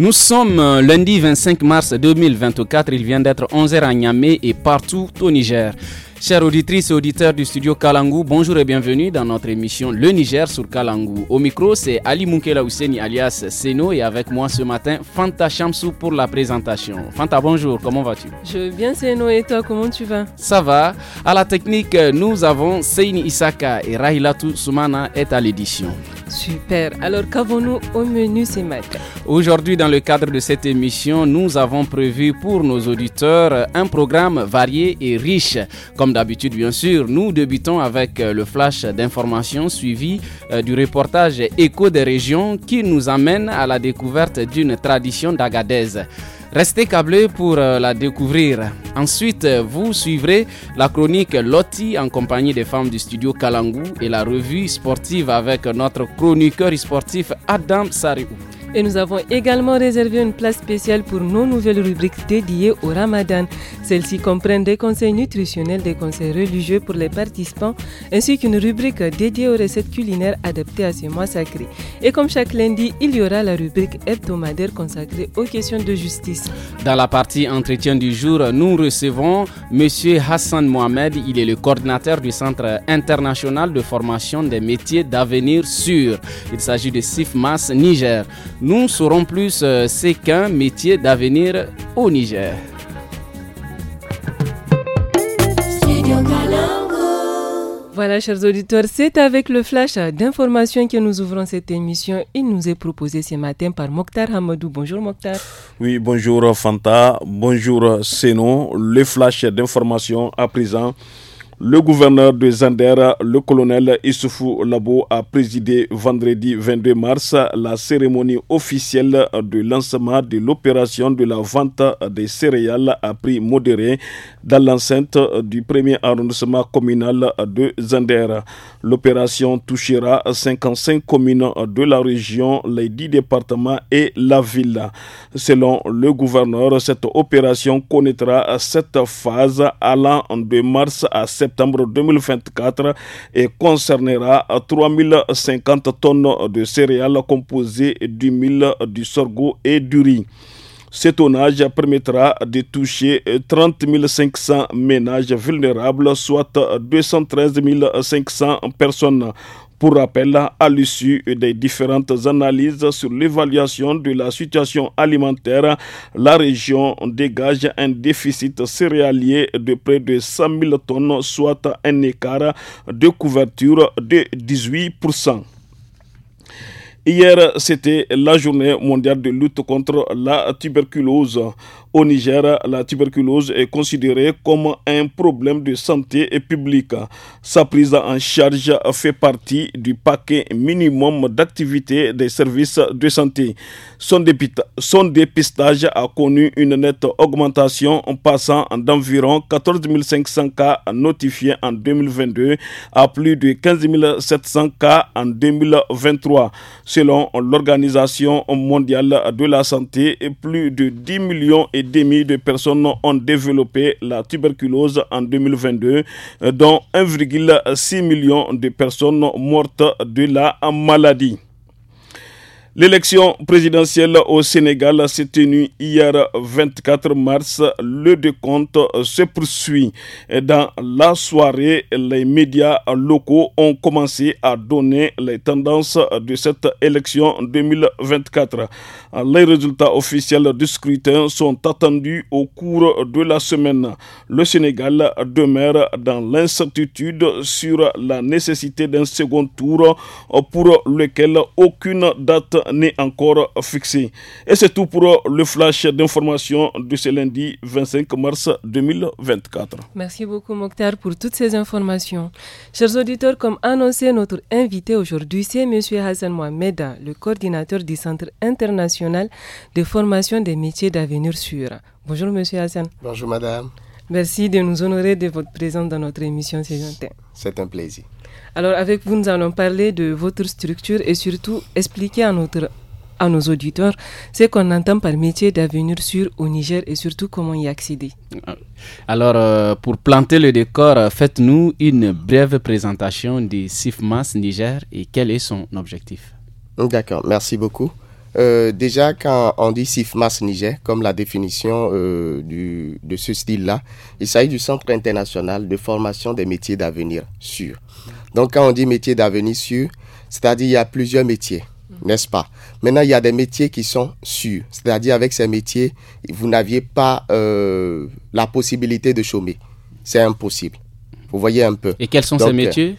Nous sommes euh, lundi 25 mars 2024, il vient d'être 11h à Niamey et partout au Niger. Chères auditrices et auditeurs du studio Kalangu, bonjour et bienvenue dans notre émission Le Niger sur Kalangu. Au micro, c'est Ali Moukela Ousseni alias Seno et avec moi ce matin, Fanta Chamsou pour la présentation. Fanta, bonjour, comment vas-tu Je vais bien Seno et toi, comment tu vas Ça va. À la technique, nous avons Seini Isaka et Rahilatu Soumana est à l'édition. Super. Alors qu'avons-nous au menu ce matin Aujourd'hui, dans le cadre de cette émission, nous avons prévu pour nos auditeurs un programme varié et riche. Comme d'habitude, bien sûr, nous débutons avec euh, le flash d'informations suivi euh, du reportage Écho des régions qui nous amène à la découverte d'une tradition d'Agadez. Restez câblés pour euh, la découvrir. Ensuite, vous suivrez la chronique Lotti en compagnie des femmes du studio Kalangu et la revue sportive avec notre chroniqueur sportif Adam Sariou. Et nous avons également réservé une place spéciale pour nos nouvelles rubriques dédiées au ramadan. Celles-ci comprennent des conseils nutritionnels, des conseils religieux pour les participants, ainsi qu'une rubrique dédiée aux recettes culinaires adaptées à ce mois sacré. Et comme chaque lundi, il y aura la rubrique hebdomadaire consacrée aux questions de justice. Dans la partie entretien du jour, nous recevons M. Hassan Mohamed. Il est le coordinateur du Centre international de formation des métiers d'avenir sûr. Il s'agit de SIFMAS Niger nous saurons plus euh, c'est qu'un métier d'avenir au Niger. Voilà, chers auditeurs, c'est avec le flash d'information que nous ouvrons cette émission. Il nous est proposé ce matin par Mokhtar Hamadou. Bonjour Mokhtar. Oui, bonjour Fanta. Bonjour Seno. Le flash d'information à présent. Le gouverneur de Zander, le colonel Issoufou Labo, a présidé vendredi 22 mars la cérémonie officielle de lancement de l'opération de la vente des céréales à prix modéré dans l'enceinte du premier arrondissement communal de Zander. L'opération touchera 55 communes de la région, les 10 départements et la ville. Selon le gouverneur, cette opération connaîtra cette phase allant de mars à septembre 2024 et concernera 3050 tonnes de céréales composées du mil, du sorgho et du riz. Ce tonnage permettra de toucher 30 500 ménages vulnérables, soit 213 500 personnes. Pour rappel, à l'issue des différentes analyses sur l'évaluation de la situation alimentaire, la région dégage un déficit céréalier de près de 100 000 tonnes, soit un écart de couverture de 18 Hier, c'était la journée mondiale de lutte contre la tuberculose. Au Niger, la tuberculose est considérée comme un problème de santé publique. Sa prise en charge fait partie du paquet minimum d'activités des services de santé. Son, dépistage a connu une nette augmentation en passant d'environ 14 500 cas notifiés en 2022 à plus de 15 700 cas en 2023. Selon l'Organisation mondiale de la santé, plus de 10 millions et des demi de personnes ont développé la tuberculose en 2022, euh, dont 1,6 million de personnes mortes de la maladie. L'élection présidentielle au Sénégal s'est tenue hier 24 mars. Le décompte se poursuit. Dans la soirée, les médias locaux ont commencé à donner les tendances de cette élection 2024. Les résultats officiels du scrutin sont attendus au cours de la semaine. Le Sénégal demeure dans l'incertitude sur la nécessité d'un second tour pour lequel aucune date n'est encore fixé. Et c'est tout pour le flash d'information de ce lundi 25 mars 2024. Merci beaucoup Mokhtar pour toutes ces informations. Chers auditeurs, comme annoncé, notre invité aujourd'hui, c'est M. Hassan Mohamed, le coordinateur du Centre international de formation des métiers d'avenir sûr. Bonjour M. Hassan. Bonjour Madame. Merci de nous honorer de votre présence dans notre émission ce matin. C'est un plaisir. Alors avec vous, nous allons parler de votre structure et surtout expliquer à, à nos auditeurs ce qu'on entend par métier d'avenir sur au Niger et surtout comment y accéder. Alors euh, pour planter le décor, euh, faites-nous une brève présentation du CIFMAS Niger et quel est son objectif. Oh, d'accord, merci beaucoup. Euh, déjà, quand on dit CIFMAS Niger, comme la définition de ce style-là, il s'agit du Centre international de formation des métiers d'avenir sûr. Donc quand on dit métier d'avenir sûr, c'est-à-dire il y a plusieurs métiers, mm. n'est-ce pas Maintenant, il y a des métiers qui sont sûrs, c'est-à-dire avec ces métiers, vous n'aviez pas euh, la possibilité de chômer. C'est impossible. Vous voyez un peu. Et quels sont ces euh, métiers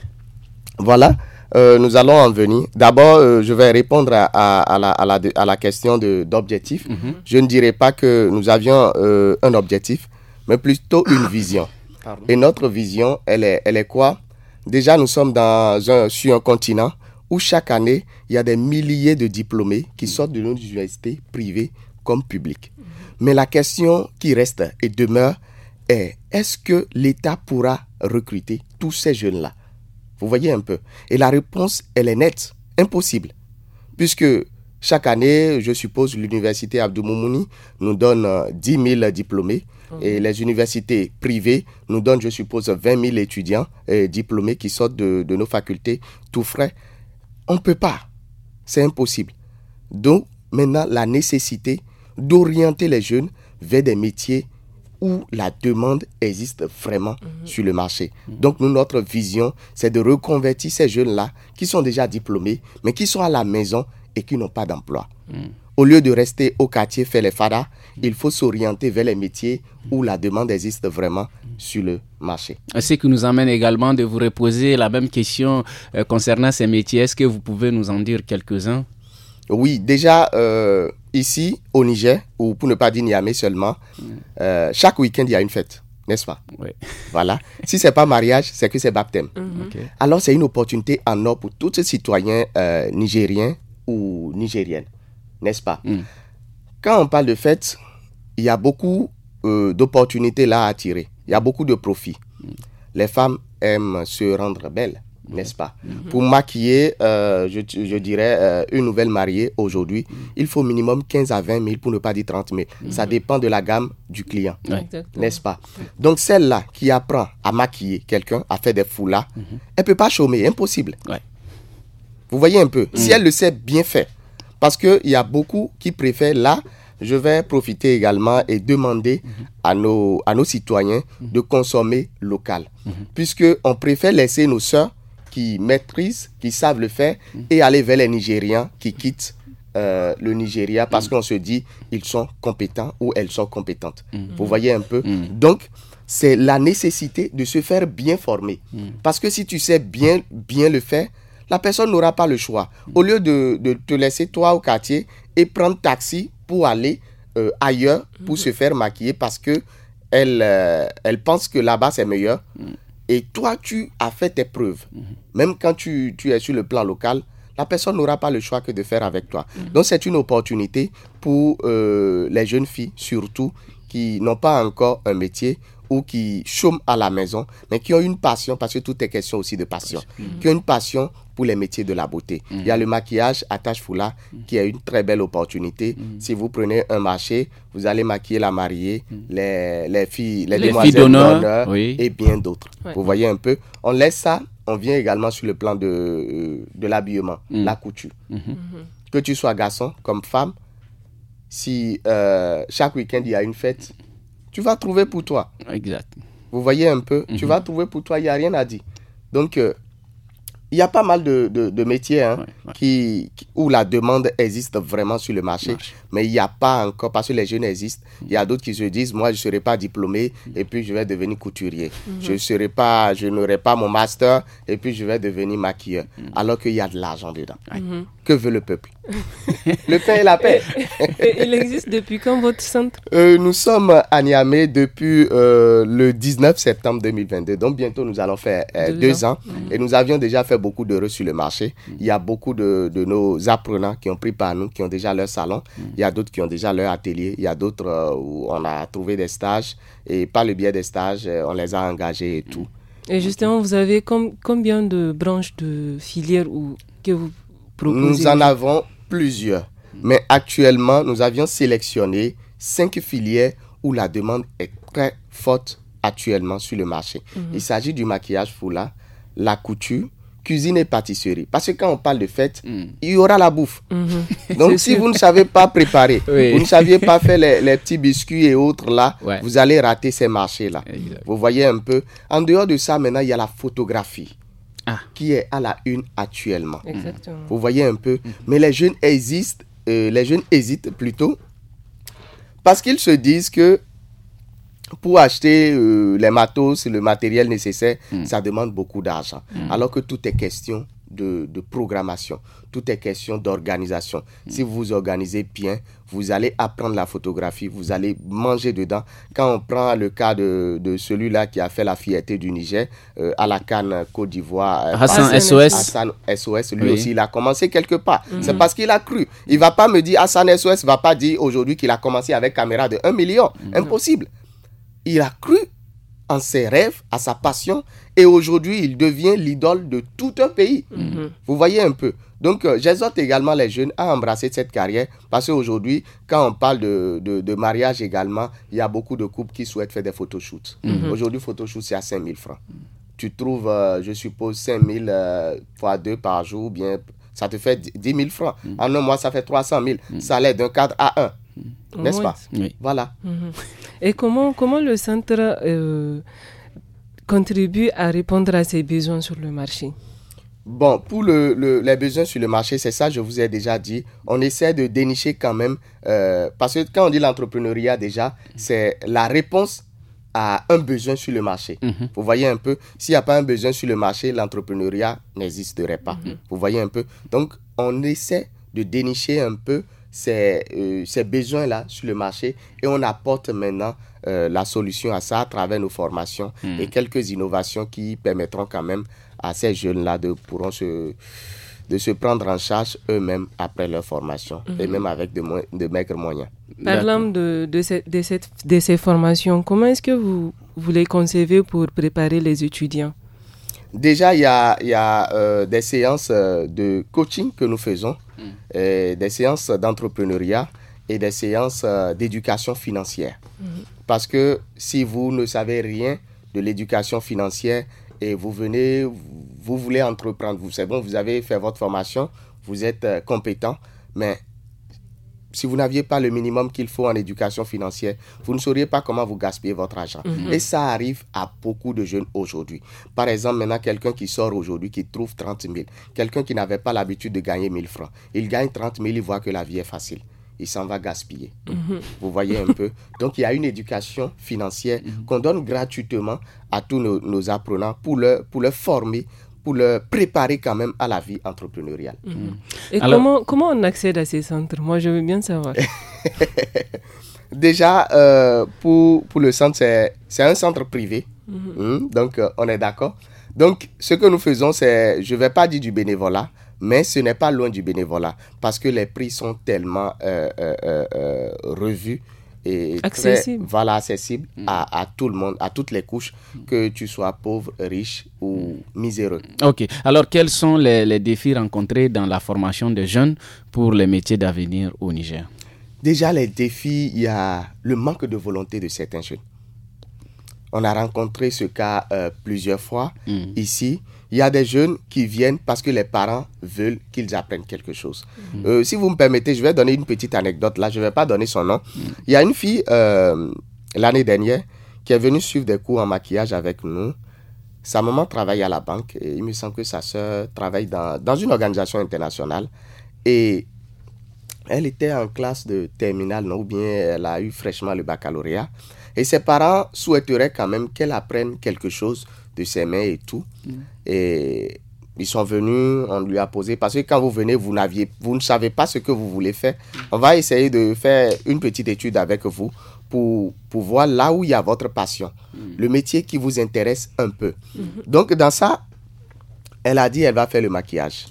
Voilà. Euh, nous allons en venir. D'abord, je vais répondre à, la, question d'objectif. Mm-hmm. Je ne dirais pas que nous avions un objectif, mais plutôt une vision. Et notre vision, elle est quoi Déjà, nous sommes sur un continent où chaque année, il y a des milliers de diplômés qui sortent de nos universités privées comme publiques. Mais la question qui reste et demeure est est-ce que l'État pourra recruter tous ces jeunes-là Vous voyez un peu. Et la réponse, elle est nette, impossible. Puisque chaque année, je suppose, l'université Abdou nous donne 10 euh, 000 diplômés. Et mm. les universités privées nous donnent, je suppose, 20 000 étudiants euh, diplômés qui sortent de, nos facultés tout frais. On ne peut pas. C'est impossible. Donc, maintenant, la nécessité d'orienter les jeunes vers des métiers où la demande existe vraiment mm-hmm. sur le marché. Mm. Donc notre vision, c'est de reconvertir ces jeunes-là qui sont déjà diplômés, mais qui sont à la maison et qui n'ont pas d'emploi. Mm. Au lieu de rester au quartier faire les fadas, il faut s'orienter vers les métiers où la demande existe vraiment sur le marché. Ce qui nous amène également de vous reposer la même question euh, concernant ces métiers. Est-ce que vous pouvez nous en dire quelques-uns Oui, déjà euh, ici au Niger, ou pour ne pas dire Niamey seulement, euh, chaque week-end il y a une fête. N'est-ce pas oui. Voilà. si ce n'est pas mariage, c'est que c'est baptême. Mhm. Alors c'est une opportunité en or pour tous ces citoyens nigériens ou nigériennes n'est-ce pas hmm. Quand on parle de fête, il y a beaucoup euh, d'opportunités là à tirer. Il y a beaucoup de profits. Hmm. Les femmes aiment se rendre belles, hmm. n'est-ce pas Pour maquiller, euh, je, dirais, euh, une nouvelle mariée aujourd'hui, il faut minimum 15 à 20 000, pour ne pas dire 30 000. Ça dépend de la gamme du client, n'est-ce pas Donc celle-là qui apprend à maquiller quelqu'un, à faire des foulards, elle ne peut pas chômer, impossible. Vous voyez un peu, si elle le sait bien faire, parce qu'il y a beaucoup qui préfèrent là. Je vais profiter également et demander mhm. à, nos, à nos citoyens mhm. de consommer local. Mhm. Puisqu'on préfère laisser nos soeurs qui maîtrisent, qui savent le faire, et aller vers les Nigériens qui quittent euh, le Nigeria parce qu'on se dit ils sont compétents ou elles sont compétentes. Vous voyez un peu Donc, c'est la nécessité de se faire bien former. Parce que si tu sais bien, bien le faire, la personne n'aura pas le choix. Au lieu de, te laisser toi au quartier et prendre taxi pour aller euh, ailleurs pour se faire maquiller parce que elle, euh, elle pense que là-bas c'est meilleur. Et toi, tu as fait tes preuves. Même quand tu, es sur le plan local, la personne n'aura pas le choix que de faire avec toi. Donc c'est une opportunité pour euh, les jeunes filles, surtout, qui n'ont pas encore un métier ou qui chôment à la maison, mais qui ont une passion, parce que tout est question aussi de passion, mm-hmm. qui ont une passion pour les métiers de la beauté. Il y a mm-hmm. le maquillage à mm-hmm. qui est une très belle opportunité. Si vous prenez un marché, vous allez maquiller la mariée, les, filles, les, demoiselles d'honneur et bien d'autres. Vous voyez un peu, on laisse ça, on vient également sur le plan de, l'habillement, mm. la couture. Que tu sois garçon comme femme, si euh, chaque week-end il y a une fête, tu vas trouver pour toi. Exact. Vous voyez un peu, tu mhm. vas trouver pour toi, il n'y a rien à dire. Donc, euh, il y a pas mal de, de, métiers hein, Qui, où la demande existe vraiment sur le marché, mais il n'y a pas encore, parce que les jeunes existent, mm. il y a d'autres qui se disent, moi je ne serai pas diplômé mm. et puis je vais devenir couturier. Mm-hmm. Je serai pas, je n'aurai pas mon master et puis je vais devenir maquilleur. Mm. Alors qu'il y a de l'argent dedans. Mm-hmm. Que veut le peuple Le pain et la paix. il existe depuis quand votre centre euh, Nous sommes à Niamey depuis euh, le 19 septembre 2022, donc bientôt nous allons faire euh, deux, ans, ans. et nous avions déjà fait beaucoup d'heureux sur le marché. Mm. Il y a beaucoup de, de, nos apprenants qui ont pris par nous, qui ont déjà leur salon. Mm. Il y a d'autres qui ont déjà leur atelier. Il y a d'autres euh, où on a trouvé des stages. Et par le biais des stages, euh, on les a engagés et tout. Et justement, vous avez combien de branches de filières ou, que vous proposez Nous en avons plusieurs. Mais actuellement, nous avions sélectionné cinq filières où la demande est très forte actuellement sur le marché. Mhm. Il s'agit du maquillage foulard, la couture, cuisine et pâtisserie. Parce que quand on parle de fête, hmm. il y aura la bouffe. Mhm. Donc si vous ne savez pas préparer, vous ne saviez pas faire les, petits biscuits et autres là, vous allez rater ces marchés-là. Vous voyez un peu. En dehors de ça, maintenant, il y a la photographie. Ah. qui est à la une actuellement. Vous voyez un peu. Mhm. Mais les jeunes hésitent, euh, les jeunes hésitent plutôt parce qu'ils se disent que pour acheter euh, les matos, le matériel nécessaire, hmm. ça demande beaucoup d'argent. Hmm. Alors que tout est question de, programmation, tout est question d'organisation. Hmm. Si vous organisez bien, vous allez apprendre la photographie, vous allez manger dedans. Quand on prend le cas de, celui-là qui a fait la fierté du Niger euh, à la Cannes Côte d'Ivoire, euh, Hassan SOS. Hassan SOS, lui aussi, il a commencé quelque part. C'est parce qu'il a cru. Il va pas me dire Hassan SOS, va pas dire aujourd'hui qu'il a commencé avec caméra de 1 million. Impossible il a cru en ses rêves, à sa passion, et aujourd'hui il devient l'idole de tout un pays. Mhm. Vous voyez un peu. Donc euh, j'exhorte également les jeunes à embrasser cette carrière, parce qu'aujourd'hui, quand on parle de, de, mariage également, il y a beaucoup de couples qui souhaitent faire des photoshoots. Mhm. Aujourd'hui, photoshoot, c'est à 5000 francs. Tu trouves, euh, je suppose, 5000 000 euh, fois 2 par jour, bien, ça te fait 10 000 francs. Mhm. En un mois, ça fait 300 000. l'est d'un cadre à un n'est-ce pas oui. Voilà. Mm-hmm. Et comment, comment le centre euh, contribue à répondre à ces besoins sur le marché Bon, pour les besoins sur le marché, c'est ça, je vous ai déjà dit. On essaie de dénicher quand même, euh, parce que quand on dit l'entrepreneuriat déjà, c'est la réponse à un besoin sur le marché. Mm-hmm. Vous voyez un peu, s'il n'y a pas un besoin sur le marché, l'entrepreneuriat n'existerait pas. Mm-hmm. Vous voyez un peu. Donc, on essaie de dénicher un peu euh, ces, besoins-là sur le marché et on apporte maintenant euh, la solution à ça à travers nos formations hmm. et quelques innovations qui permettront quand même à ces jeunes-là de pourront se de se prendre en charge eux-mêmes après leur formation hmm. et même avec de, de maigres moyens. Parlant de, de, de, ces formations. Comment est-ce que vous, voulez les concevez pour préparer les étudiants Déjà, il y a, y a euh, des séances de coaching que nous faisons Mm. des séances d'entrepreneuriat et des séances euh, d'éducation financière. Mm. Parce que si vous ne savez rien de l'éducation financière et vous venez, vous voulez entreprendre, vous savez, bon, vous avez fait votre formation, vous êtes euh, compétent, mais si vous n'aviez pas le minimum qu'il faut en éducation financière, vous ne sauriez pas comment vous gaspillez votre argent. Mhm. Et ça arrive à beaucoup de jeunes aujourd'hui. Par exemple, maintenant, quelqu'un qui sort aujourd'hui, qui trouve 30 000, quelqu'un qui n'avait pas l'habitude de gagner 000 francs, il gagne 30 000, il voit que la vie est facile il s'en va gaspiller. Mhm. Vous voyez un peu. Donc il y a une éducation financière mhm. qu'on donne gratuitement à tous nos, apprenants pour leur, pour leur former pour le préparer quand même à la vie entrepreneuriale. Mhm. Mm. Et comment, comment on accède à ces centres Moi, je veux bien savoir. Déjà, euh, pour, pour, le centre, c'est un centre privé. Mhm. Hmm? donc, euh, on est d'accord. Donc, ce que nous faisons, c'est, je ne vais pas dire du bénévolat, mais ce n'est pas loin du bénévolat parce que les prix sont tellement euh, revus accessible. voilà, accessible mm. à, tout le monde, à toutes les couches, mm. que tu sois pauvre, riche ou mm. miséreux. Ok. Alors, quels sont les, défis rencontrés dans la formation des jeunes pour les métiers d'avenir au Niger Déjà, les défis, il y a le manque de volonté de certains jeunes. On a rencontré ce cas euh, plusieurs fois ici. Il y a des jeunes qui viennent parce que les parents veulent qu'ils apprennent quelque chose. Euh, si vous me permettez, je vais donner une petite anecdote. Là, je ne vais pas donner son nom. Il y a une fille euh, l'année dernière qui est venue suivre des cours en maquillage avec nous. Sa maman travaille à la banque et il me semble que sa soeur travaille dans, dans une organisation internationale. Et elle était en classe de terminale, non, ou bien elle a eu fraîchement le baccalauréat. Et ses parents souhaiteraient quand même qu'elle apprenne quelque chose de ses mains et tout. Mm. Et ils sont venus, on lui a posé, parce que quand vous venez, vous, vous ne savez pas ce que vous voulez faire. Mm. On va essayer de faire une petite étude avec vous pour, pour voir là où il y a votre passion, mm. le métier qui vous intéresse un peu. Mm-hmm. Donc dans ça, elle a dit, elle va faire le maquillage.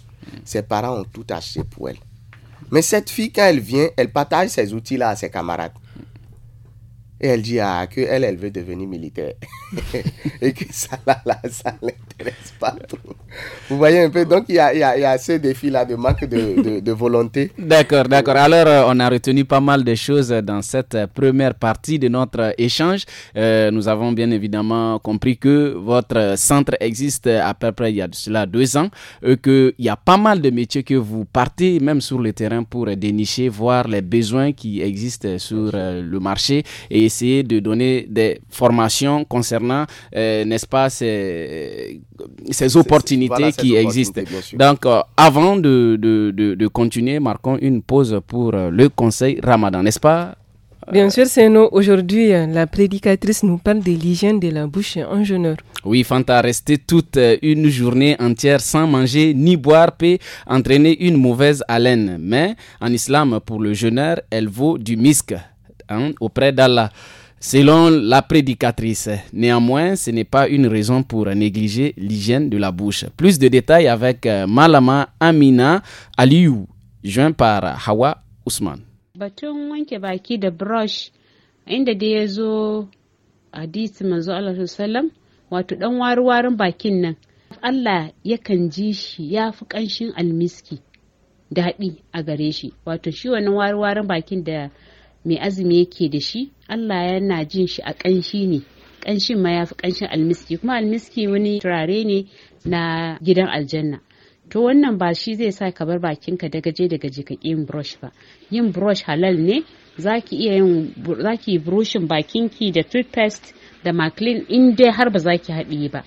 Ses parents ont tout acheté pour elle. Mais cette fille, quand elle vient, elle partage ses outils-là à ses camarades. Et elle dit ah, qu'elle, elle veut devenir militaire. et que ça, l'a, la ça N'est-ce pas Vous voyez un peu, donc il y a, il y a, ce là de manque de, de, volonté. D'accord, d'accord. Alors, euh, on a retenu pas mal de choses dans cette première partie de notre échange. Euh, nous avons bien évidemment compris que votre centre existe à peu près il y a cela deux ans, qu'il y a pas mal de métiers que vous partez même sur le terrain pour dénicher, voir les besoins qui existent sur euh, le marché et essayer de donner des formations concernant, n'est-ce pas, ces ces opportunités qui existent. Donc, euh, avant de, de, de, continuer, marquons une pause pour euh, le conseil ramadan, n'est-ce pas euh, Bien sûr, c'est nous. Aujourd'hui, la prédicatrice nous parle de l'hygiène de la bouche en jeûneur. Oui, Fanta, rester toute une journée entière sans manger ni boire peut entraîner une mauvaise haleine. Mais en islam, pour le jeûneur, elle vaut du misque hein, auprès d'Allah. Selon la prédicatrice, néanmoins, ce n'est pas une raison pour négliger l'hygiène de la bouche. Plus de détails avec euh, Malama Amina Aliou, joint par Hawa Ousmane. mai azumi yake da shi Allah yana jin shi a ƙanshi ne ƙanshin ma ya fi ƙanshin almiski kuma almiski wani turare ne na gidan aljanna to wannan ba shi zai sa ka bar bakinka ka je da gaje ka yin brush ba yin brush halal ne zaki iya yin zaki brushin ki da toothpaste da maclean in dai har ba zaki haɗi ba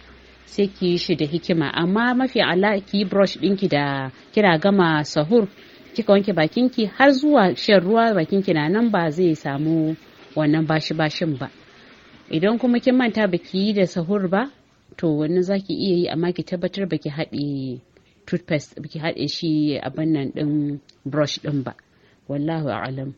sai ki yi shi da hikima amma mafi ala ki brush ɗinki da kira gama sahur kika wanke bakin ki har zuwa shan ruwa bakin ki na nan ba zai samu wannan bashi bashin ba idan kuma kin manta baki yi da sahur ba to wannan zaki iya yi amma ki tabbatar baki haɗe toothpaste baki haɗe shi abin nan ɗin brush ɗin ba wallahu a'lam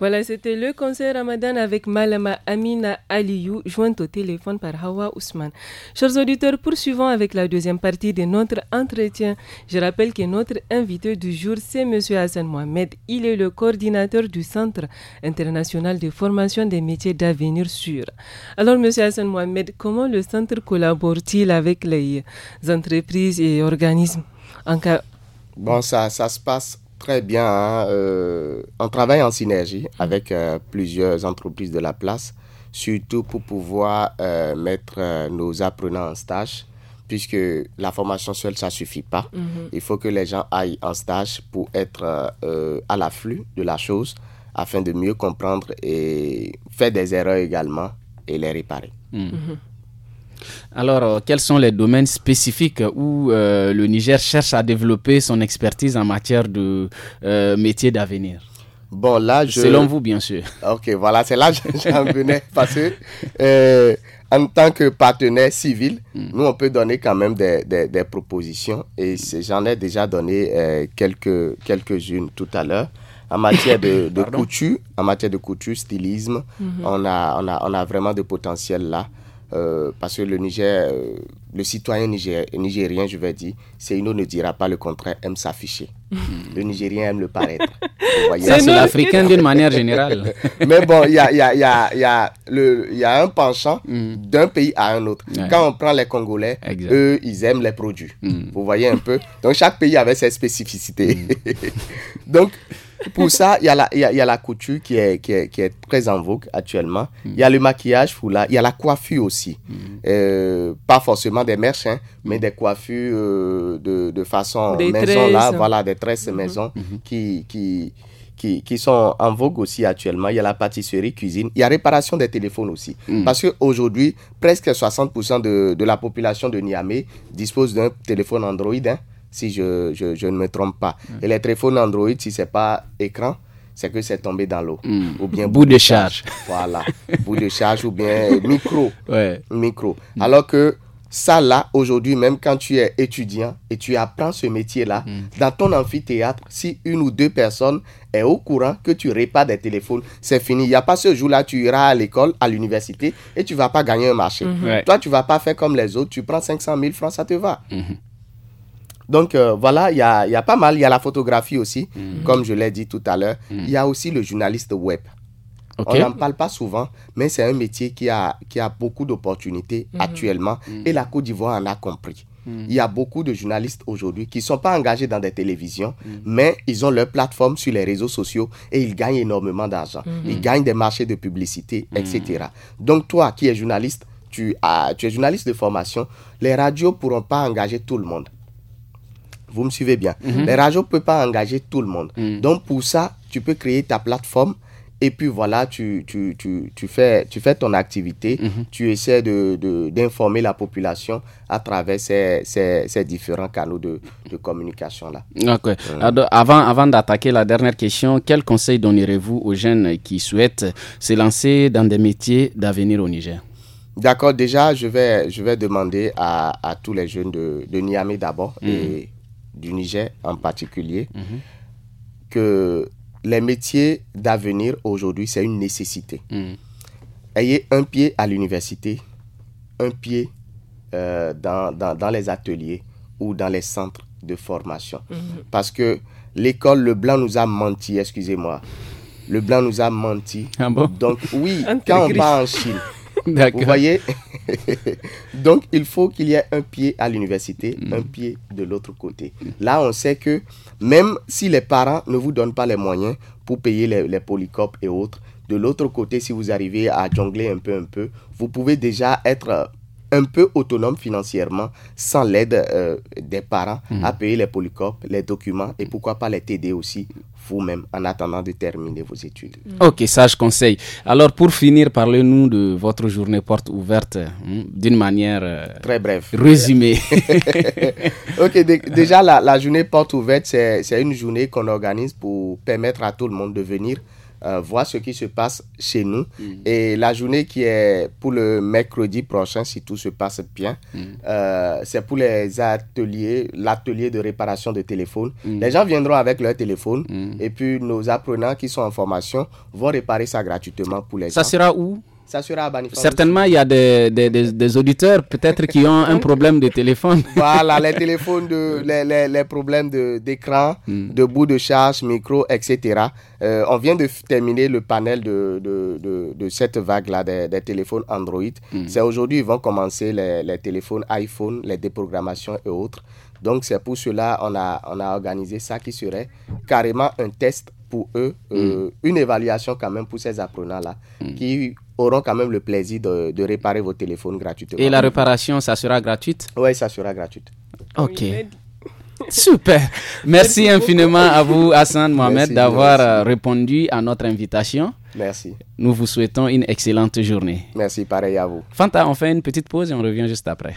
Voilà, c'était le conseil Ramadan avec Malama Amina Aliyou, jointe au téléphone par Hawa Ousmane. Chers auditeurs, poursuivons avec la deuxième partie de notre entretien. Je rappelle que notre invité du jour, c'est M. Hassan Mohamed. Il est le coordinateur du Centre international de formation des métiers d'avenir sûr. Alors, M. Hassan Mohamed, comment le centre collabore-t-il avec les entreprises et organismes en cas... Bon, ça, ça se passe très bien hein. euh, on travaille en synergie avec euh, plusieurs entreprises de la place surtout pour pouvoir euh, mettre nos apprenants en stage puisque la formation seule ça ne suffit pas mm-hmm. il faut que les gens aillent en stage pour être à l'afflux de la chose afin de mieux comprendre et faire des erreurs également et les réparer mm-hmm. Mm-hmm. Alors, euh, quels sont les domaines spécifiques où euh, le Niger cherche à développer son expertise en matière de euh, métier d'avenir Bon, là, je... Selon vous, bien sûr. Ah, ok, voilà, c'est là que j'en venais. parce qu'en en tant que partenaire civil, hmm. nous, on peut donner quand même des, propositions. Et hmm. j'en ai déjà donné quelques, quelques-unes tout à l'heure en matière de, couture, en matière de couture, stylisme, mhm. on, a, on, a, on a vraiment de potentiel là. Euh, parce que le Niger, euh, le citoyen nigérien, je vais dire, Seino ne dira pas le contraire, aime s'afficher. Hmm. le Nigérien aime le paraître. Ça, c'est l'Africain d'une manière générale. Mais bon, il y a, y a un penchant hmm. d'un pays à un autre. Quand on prend les Congolais, eux, ils aiment les produits. Hmm. Vous voyez un peu. Donc, chaque pays avait ses spécificités. Donc, pour ça, il y, a la, la couture qui est, qui est, très en vogue actuellement. Il y a le maquillage, il y a la coiffure aussi. Mm. Euh, pas forcément des mèches, hein, mais des coiffures euh, de, de, façon maison, là, voilà, des tresses mm-hmm. maison mm-hmm. qui, qui qui, sont en vogue aussi actuellement. Il y a la pâtisserie, cuisine, il y a réparation des téléphones aussi. Mm. Parce qu'aujourd'hui, presque 60% de, de, la population de Niamey dispose d'un téléphone Android. Hein si je, ne me trompe pas. Mm. Et les téléphones Android, si ce n'est pas écran, c'est que c'est tombé dans l'eau. Mm. Ou bien bout, de, charge. Voilà. bout de charge ou bien micro. Micro. Alors que ça, là, aujourd'hui, même quand tu es étudiant et tu apprends ce métier-là, mm. dans ton amphithéâtre, si une ou deux personnes est au courant que tu répares des téléphones, c'est fini. Il n'y a pas ce jour-là, tu iras à l'école, à l'université et tu vas pas gagner un marché. Mm-hmm. Toi, tu vas pas faire comme les autres, tu prends 500 000 francs, ça te va. Mm-hmm. Donc euh, voilà, il y a, pas mal. Il y a la photographie aussi, mm. comme je l'ai dit tout à l'heure. Mm. Il y a aussi le journaliste web. On n'en parle pas souvent, mais c'est un métier qui a, qui a beaucoup d'opportunités mm. actuellement et la Côte d'Ivoire en a compris. Il y a beaucoup de journalistes aujourd'hui qui ne sont pas engagés dans des télévisions, mais ils ont leur plateforme sur les réseaux sociaux et ils gagnent énormément d'argent. Ils gagnent des marchés de publicité, etc. Donc toi qui es journaliste, tu, as, tu es journaliste de formation, les radios ne pourront pas engager tout le monde. Vous me suivez bien. Mhm. mais Rajo ne peut pas engager tout le monde. Mhm. Donc pour ça, tu peux créer ta plateforme et puis voilà, tu, tu, fais, tu fais ton activité, mhm. tu essaies d'informer de, la population à travers ces, différents canaux de, communication-là. D'accord. Avant, avant d'attaquer la dernière question, quel conseil donnerez-vous aux jeunes qui souhaitent se lancer dans des métiers d'avenir au Niger D'accord, déjà, je vais, je vais demander à, tous les jeunes de, de Niamey d'abord et du Niger en particulier, mhm. que les métiers d'avenir aujourd'hui, c'est une nécessité. Mhm. Ayez un pied à l'université, un pied euh, dans, les ateliers ou dans les centres de formation. Mhm. Parce que l'école, le blanc nous a menti, excusez-moi. Le blanc nous a menti. Ah Donc oui, quand on va en Chine, Vous voyez Donc, il faut qu'il y ait un pied à l'université, mm. un pied de l'autre côté. Là, on sait que même si les parents ne vous donnent pas les moyens pour payer les, polycopes et autres, de l'autre côté, si vous arrivez à jongler un peu, un peu, vous pouvez déjà être euh, un peu autonome financièrement sans l'aide euh, des parents mm. à payer les polycopes, les documents et pourquoi pas les TD aussi vous-même en attendant de terminer vos études. ok mm. Ok, sage conseil. Alors pour finir, parlez-nous de votre journée porte ouverte hein, d'une manière euh, très brève. Résumée. ok, déjà la, la, journée porte ouverte, c'est une journée qu'on organise pour permettre à tout le monde de venir euh, voir ce qui se passe chez nous. Mm-hmm. Et la journée qui est pour le mercredi prochain, si tout se passe bien, mm-hmm. euh, c'est pour les ateliers, l'atelier de réparation de téléphone. Mm-hmm. Les gens viendront avec leur téléphone et puis nos apprenants qui sont en formation vont réparer ça gratuitement pour les gens. Ça sera où ça sera Certainement, il y a des, des, auditeurs peut-être qui ont un problème de téléphone. voilà, les téléphones, de, les, les, problèmes d'écran, de, hmm. de, bout de charge, micro, etc. Euh, on vient de terminer le panel de, de, de cette vague-là des, téléphones Android. Hmm. C'est aujourd'hui qu'ils vont commencer les, les téléphones iPhone, les déprogrammations et autres. Donc c'est pour cela on a, on a organisé ça qui serait carrément un test pour eux, euh, mm. une évaluation quand même pour ces apprenants-là, mm. qui auront quand même le plaisir de, de, réparer vos téléphones gratuitement. Et la réparation, ça sera gratuite Oui, ça sera gratuite. Ah ok. Super. Merci infiniment à vous, Hassan Mohamed, d'avoir euh, répondu à notre invitation. Merci. Nous vous souhaitons une excellente journée. Merci, pareil à vous. Fanta, on fait une petite pause et on revient juste après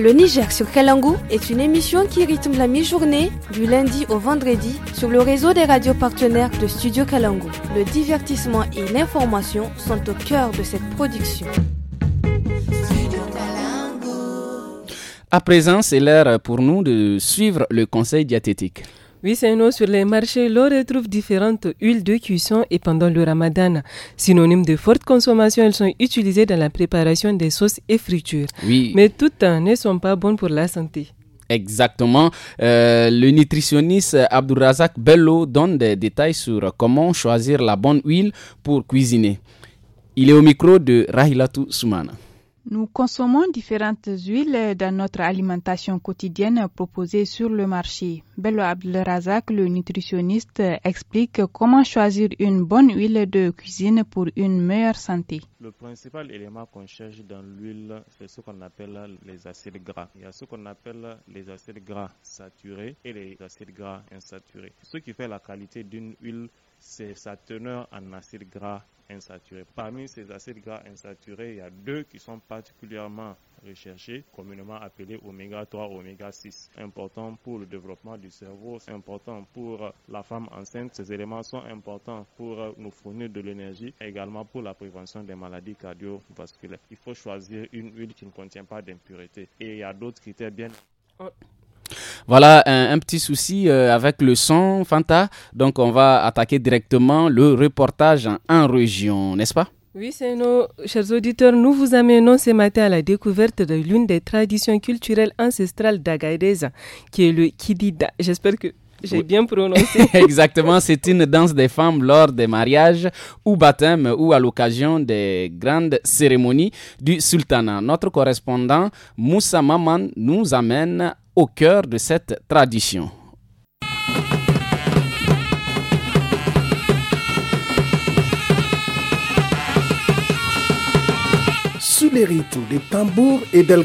Le Niger sur Kalangu est une émission qui rythme la mi-journée du lundi au vendredi sur le réseau des radios partenaires de Studio Kalangu. Le divertissement et l'information sont au cœur de cette production. À présent, c'est l'heure pour nous de suivre le conseil diététique. Oui, c'est nous sur les marchés, l'on retrouve différentes huiles de cuisson et pendant le ramadan, synonyme de forte consommation, elles sont utilisées dans la préparation des sauces et fritures. Oui. Mais toutes ne sont pas bonnes pour la santé. Exactement. Euh, le nutritionniste Abdourazak Bello donne des détails sur comment choisir la bonne huile pour cuisiner. Il est au micro de Rahilatou Soumana. Nous consommons différentes huiles dans notre alimentation quotidienne proposée sur le marché. Bello Abdelrazak, le nutritionniste, explique comment choisir une bonne huile de cuisine pour une meilleure santé. Le principal élément qu'on cherche dans l'huile, c'est ce qu'on appelle les acides gras. Il y a ce qu'on appelle les acides gras saturés et les acides gras insaturés. Ce qui fait la qualité d'une huile c'est sa teneur en acides gras insaturés. Parmi ces acides gras insaturés, il y a deux qui sont particulièrement recherchés, communément appelés oméga 3, oméga 6. Important pour le développement du cerveau, c'est important pour la femme enceinte. Ces éléments sont importants pour nous fournir de l'énergie, également pour la prévention des maladies cardiovasculaires. Il faut choisir une huile qui ne contient pas d'impuretés. Et il y a d'autres critères bien. Oh, voilà un, petit souci euh, avec le son, Fanta. Donc, on va attaquer directement le reportage en, région, n'est-ce pas? Oui, c'est chers auditeurs, nous vous amenons ce matin à la découverte de l'une des traditions culturelles ancestrales d'Agadeza, qui est le Kidida. J'espère que j'ai bien prononcé. Exactement, c'est une danse des femmes lors des mariages ou baptêmes ou à l'occasion des grandes cérémonies du sultanat. Notre correspondant Moussa Maman nous amène au cœur de cette tradition. les des tambours et del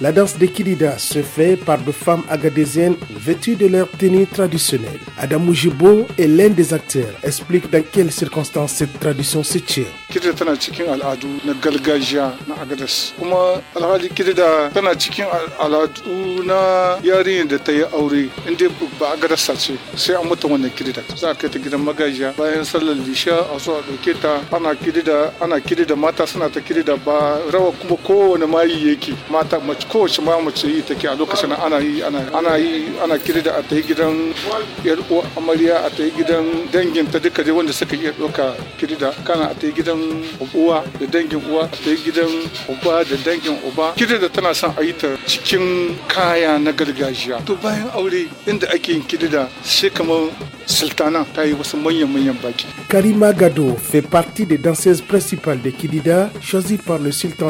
la danse des Kidida se fait par de femmes agadésiennes vêtues de leur tenue traditionnelle. adamou jibou est l'un des acteurs, explique dans quelles circonstances cette tradition se tient. Kidida tana cikin al'adu na gargajiya na agadas kuma alhali kidida tana cikin al'adu na yarinyar da ta yi aure inda ba agadas ce sai an mata wannan kidida za a kai ta gidan magajiya bayan sallar lisha a so a ɗauke ta ana kidida ana kidida mata suna ta kidida ba rawa nawa kuma kowane mayi yake mata mace kowace ma mace yi take a lokacin ana yi ana yi ana kiri da a ta gidan yar uwa amarya a ta gidan dangin ta duka dai wanda suka iya doka kiri da kana a ta gidan uwa da dangin uwa a ta gidan uba da dangin uba kiri da tana son a yi ta cikin kaya na gargajiya to bayan aure inda ake yin kiri da sai kamar sultana ta yi wasu manyan-manyan baki. Karima Gado fait partie des danseuses principales de Kidida, choisie par le sultan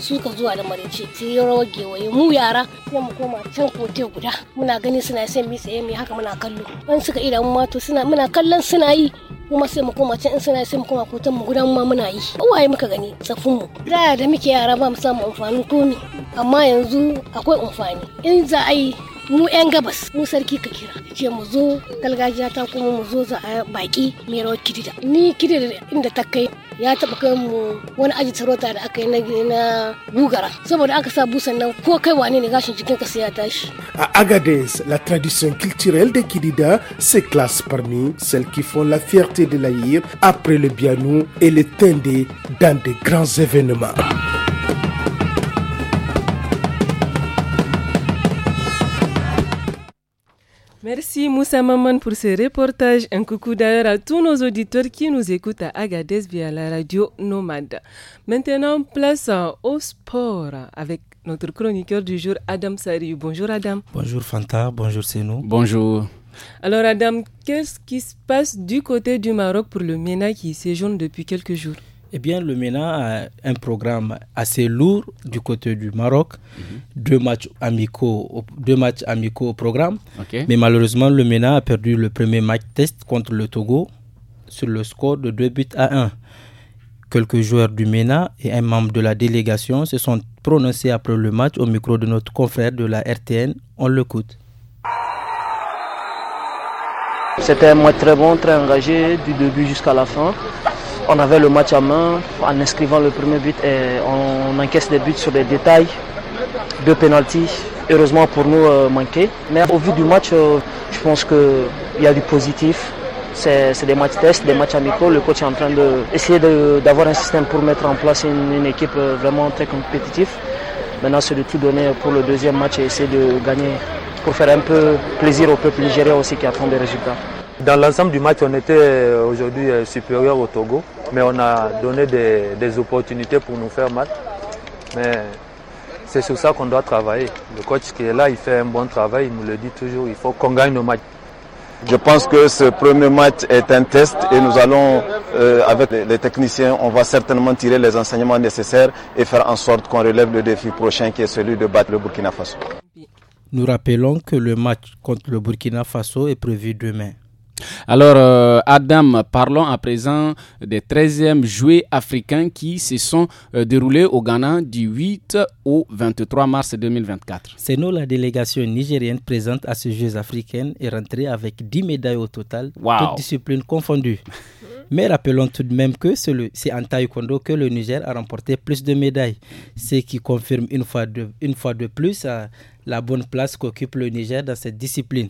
suka zuwa da marece sai rawar gewaye mu yara sai mu koma can kote guda muna gani suna sai mi tsaye mi haka muna kallo an suka ida mu mato suna muna kallon suna yi kuma sai mu koma can in suna sai mu koma kotan mu gudan ma muna yi uwaye muka gani tsafin mu da da muke yara ba mu samu amfani komi amma yanzu akwai amfani in za a yi mu 'yan gabas mu sarki ka kira ce mu zo gargajiya ta kuma mu zo za a baki mai rawar kidida ni kidida inda ta kai ya taba kai mu wani aji sarauta da aka yi na bugara saboda aka sa busan nan ko kai wane ne gashin jikin ka sai ya tashi a Agadez la tradition culturelle de Kidida se classe parmi celles qui font la fierté de la l'Aïr après le Bianou et le Tendé dans de grands événements. Merci Moussa Maman pour ce reportage. Un coucou d'ailleurs à tous nos auditeurs qui nous écoutent à Agadez via la radio Nomade. Maintenant, place au sport avec notre chroniqueur du jour, Adam Sariou. Bonjour Adam. Bonjour Fanta, bonjour Senou. Bonjour. Alors Adam, qu'est-ce qui se passe du côté du Maroc pour le MENA qui séjourne depuis quelques jours eh bien, le MENA a un programme assez lourd du côté du Maroc. Mhm. deux, matchs amicaux, deux matchs amicaux au programme. Mais malheureusement, le MENA a perdu le premier match test contre le Togo sur le score de 2 buts à 1. Quelques joueurs du MENA et un membre de la délégation se sont prononcés après le match au micro de notre confrère de la RTN. On l'écoute. C'était un mois très bon, très engagé du début jusqu'à la fin on avait le match à main en inscrivant le premier but et on encaisse des buts sur des détails, deux pénalties, heureusement pour nous euh, Mais au vu du match, euh, je pense qu'il y a du positif. C'est des matchs tests, des matchs amicaux. Le coach est en train d'essayer d'avoir un système pour mettre en place une, une équipe euh, vraiment très compétitive. Maintenant, c'est de tout donner pour le deuxième match et essayer de gagner pour faire un peu plaisir au peuple nigérien aussi qui attend des résultats. Dans l'ensemble du match, on était euh, aujourd'hui euh, supérieur au Togo, mais on a donné des, opportunités pour nous faire mal. Mais c'est sur ça qu'on doit travailler. Le coach qui est là, il fait un bon travail, il nous le dit toujours, il faut qu'on gagne nos matchs. Je pense que ce premier match est un test et nous allons, euh, avec les techniciens, on va certainement tirer les enseignements nécessaires et faire en sorte qu'on relève le défi prochain qui est celui de battre le Burkina Faso. Nous rappelons que le match contre le Burkina Faso est prévu demain. Alors, euh, Adam, parlons à présent des 13e jouets africains qui se sont euh, déroulés au Ghana du 8 au 23 mars 2024. C'est nous, la délégation nigérienne présente à ces Jeux africains, et rentrée avec 10 médailles au total, toutes disciplines confondues. Mais rappelons tout de même que c'est en taekwondo que le Niger a remporté plus de médailles, ce qui confirme une fois de, plus euh, la bonne place qu'occupe le Niger dans cette discipline.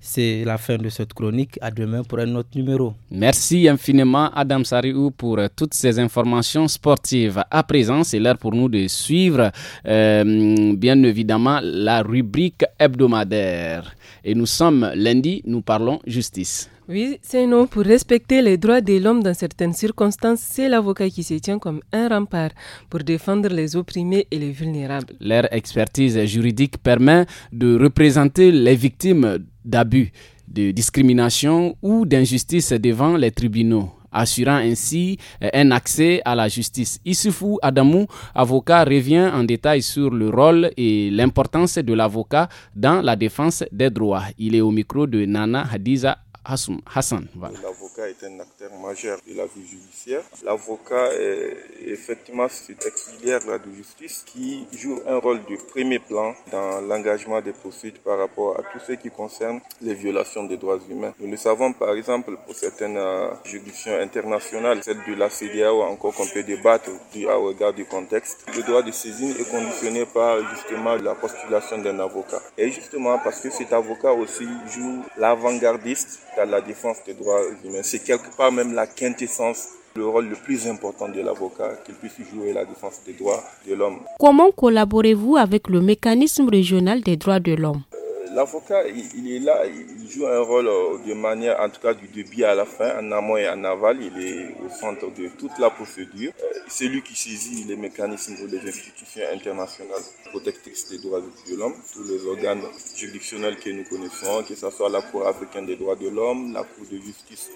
C'est la fin de cette chronique. À demain pour un autre numéro. Merci infiniment, Adam Sariou, pour euh, toutes ces informations sportives. À présent, c'est l'heure pour nous de suivre, euh, bien évidemment, la rubrique hebdomadaire. Et nous sommes lundi, nous parlons justice. Oui, c'est non. Pour respecter les droits de l'homme dans certaines circonstances, c'est l'avocat qui se tient comme un rempart pour défendre les opprimés et les vulnérables. Leur expertise juridique permet de représenter les victimes d'abus, de discrimination ou d'injustice devant les tribunaux assurant ainsi euh, un accès à la justice. Issoufou Adamou, avocat, revient en détail sur le rôle et l'importance de l'avocat dans la défense des droits. Il est au micro de Nana Hadiza Hassan est un acteur majeur de la vie judiciaire. L'avocat est effectivement cet auxiliaire de justice qui joue un rôle de premier plan dans l'engagement des poursuites par rapport à tout ce qui concerne les violations des droits humains. Nous le savons par exemple pour certaines euh, juridictions internationales, celle de la CDAO encore qu'on peut débattre au regard du contexte. Le droit de saisine est conditionné par justement la postulation d'un avocat. Et justement parce que cet avocat aussi joue l'avant-gardiste dans la défense des droits humains c'est quelque part même la quintessence le rôle le plus important de l'avocat, qu'il puisse jouer la défense des droits de l'homme. Comment collaborez-vous avec le mécanisme régional des droits de l'homme euh, L'avocat, il, est là, il joue un rôle euh, de manière, en tout cas du débit à la fin, en amont et en aval, il est au centre de toute la procédure. Euh, c'est lui qui saisit les mécanismes des institutions internationales protectrices des droits de l'homme, tous les organes juridictionnels que nous connaissons, que ce soit la Cour africaine des droits de l'homme, la Cour de justice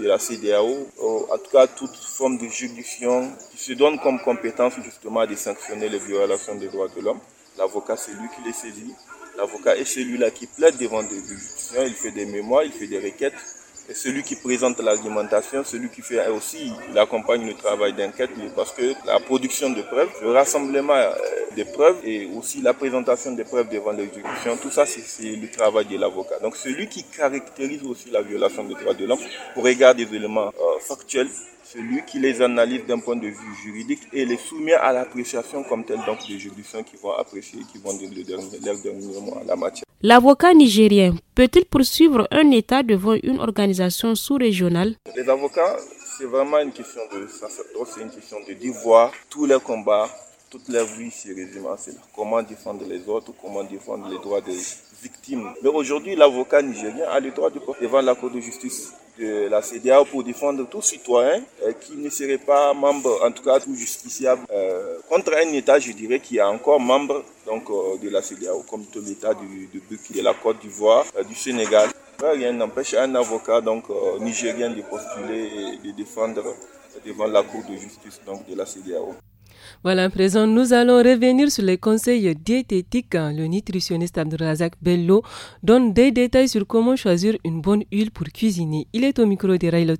de la CDAO, euh, en tout cas toute forme de juridiction qui se donne comme compétence justement de sanctionner les violations des droits de l'homme. L'avocat, c'est lui qui les saisit. L'avocat est celui-là qui plaide devant des juridictions, il fait des mémoires, il fait des requêtes celui qui présente l'argumentation, celui qui fait aussi, il accompagne le travail d'enquête parce que la production de preuves, le rassemblement euh, des preuves et aussi la présentation des preuves devant l'exécution, tout ça c'est le travail de l'avocat. Donc celui qui caractérise aussi la violation des droits de l'homme pour regard des éléments euh, factuels celui qui les analyse d'un point de vue juridique et les soumet à l'appréciation comme telle donc des juridictions qui vont apprécier, qui vont dire le dernier, leur mot à la matière. L'avocat nigérien peut-il poursuivre un État devant une organisation sous-régionale Les avocats, c'est vraiment une question de sacerdoce, c'est une question de devoir. Tous les combats, toute leur vie se résume à Comment défendre les autres, comment défendre les droits des victimes. Mais aujourd'hui, l'avocat nigérien a le droit de porter devant la Cour de justice de la CDAO pour défendre tout citoyen euh, qui ne serait pas membre, en tout cas tout justiciable, euh, contre un État, je dirais, qui est encore membre donc, euh, de la CDAO, comme tout l'État du, du, de la Côte d'Ivoire, du Sénégal. Rien n'empêche un avocat donc, nigérien de postuler et de défendre devant la Cour de justice donc, de la CDAO. Voilà, à présent, nous allons revenir sur les conseils diététiques. Le nutritionniste Razak Bello donne des détails sur comment choisir une bonne huile pour cuisiner. Il est au micro de Raila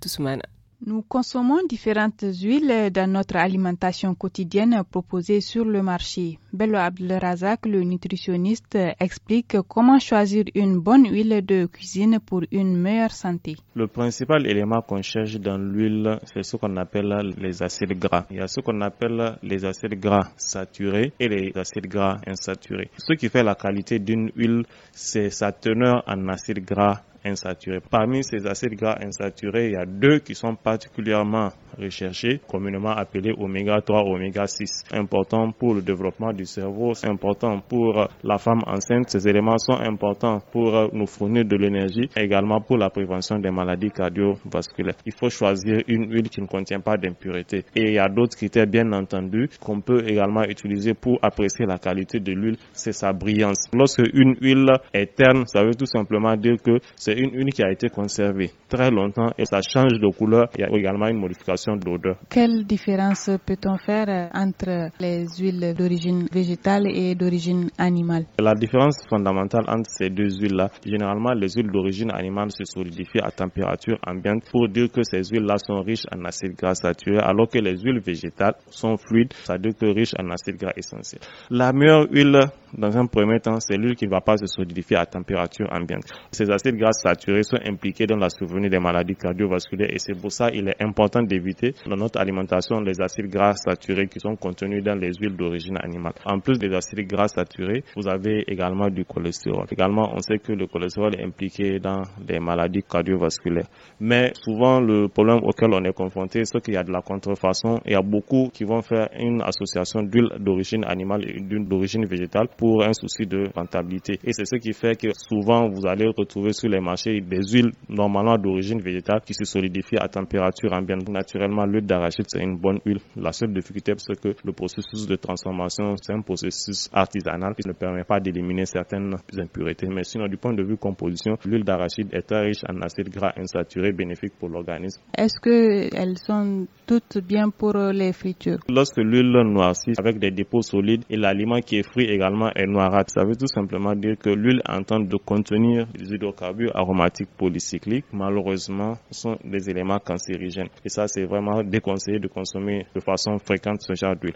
nous consommons différentes huiles dans notre alimentation quotidienne proposée sur le marché. Bello Abdelrazak, le nutritionniste, explique comment choisir une bonne huile de cuisine pour une meilleure santé. Le principal élément qu'on cherche dans l'huile, c'est ce qu'on appelle les acides gras. Il y a ce qu'on appelle les acides gras saturés et les acides gras insaturés. Ce qui fait la qualité d'une huile, c'est sa teneur en acides gras insaturés. Parmi ces acides gras insaturés, il y a deux qui sont particulièrement recherchés, communément appelés oméga 3, oméga 6. Important pour le développement du cerveau, c'est important pour la femme enceinte. Ces éléments sont importants pour nous fournir de l'énergie, également pour la prévention des maladies cardiovasculaires. Il faut choisir une huile qui ne contient pas d'impuretés. Et il y a d'autres critères, bien entendu, qu'on peut également utiliser pour apprécier la qualité de l'huile, c'est sa brillance. Lorsque une huile est terne, ça veut tout simplement dire que c'est une, huile qui a été conservée très longtemps et ça change de couleur. Il y a également une modification d'odeur. Quelle différence peut-on faire euh, entre les huiles d'origine végétale et d'origine animale La différence fondamentale entre ces deux huiles-là, généralement les huiles d'origine animale se solidifient à température ambiante pour dire que ces huiles-là sont riches en acides gras saturés alors que les huiles végétales sont fluides, c'est-à-dire que riches en acides gras essentiels. La meilleure huile dans un premier temps, c'est l'huile qui ne va pas se solidifier à température ambiante. Ces acides gras saturés sont impliqués dans la survenue des maladies cardiovasculaires et c'est pour ça qu'il est important d'éviter dans notre alimentation les acides gras saturés qui sont contenus dans les huiles d'origine animale. En plus des acides gras saturés, vous avez également du cholestérol. Également, on sait que le cholestérol est impliqué dans les maladies cardiovasculaires. Mais souvent, le problème auquel on est confronté, c'est qu'il y a de la contrefaçon. Il y a beaucoup qui vont faire une association d'huile d'origine animale et d'huile d'origine végétale pour un souci de rentabilité. Et c'est ce qui fait que souvent vous allez retrouver sur les marchés des huiles normalement d'origine végétale qui se solidifient à température ambiante. Naturellement, l'huile d'arachide, c'est une bonne huile. La seule difficulté, c'est que le processus de transformation, c'est un processus artisanal qui ne permet pas d'éliminer certaines impuretés. Mais sinon, du point de vue composition, l'huile d'arachide est très riche en acides gras insaturés bénéfiques pour l'organisme. Est-ce qu'elles sont toutes bien pour les fritures Lorsque l'huile noircit avec des dépôts solides et l'aliment qui est frit également et ça veut tout simplement dire que l'huile en de contenir des hydrocarbures aromatiques polycycliques, malheureusement, sont des éléments cancérigènes. Et ça, c'est vraiment déconseillé de consommer de façon fréquente ce genre d'huile.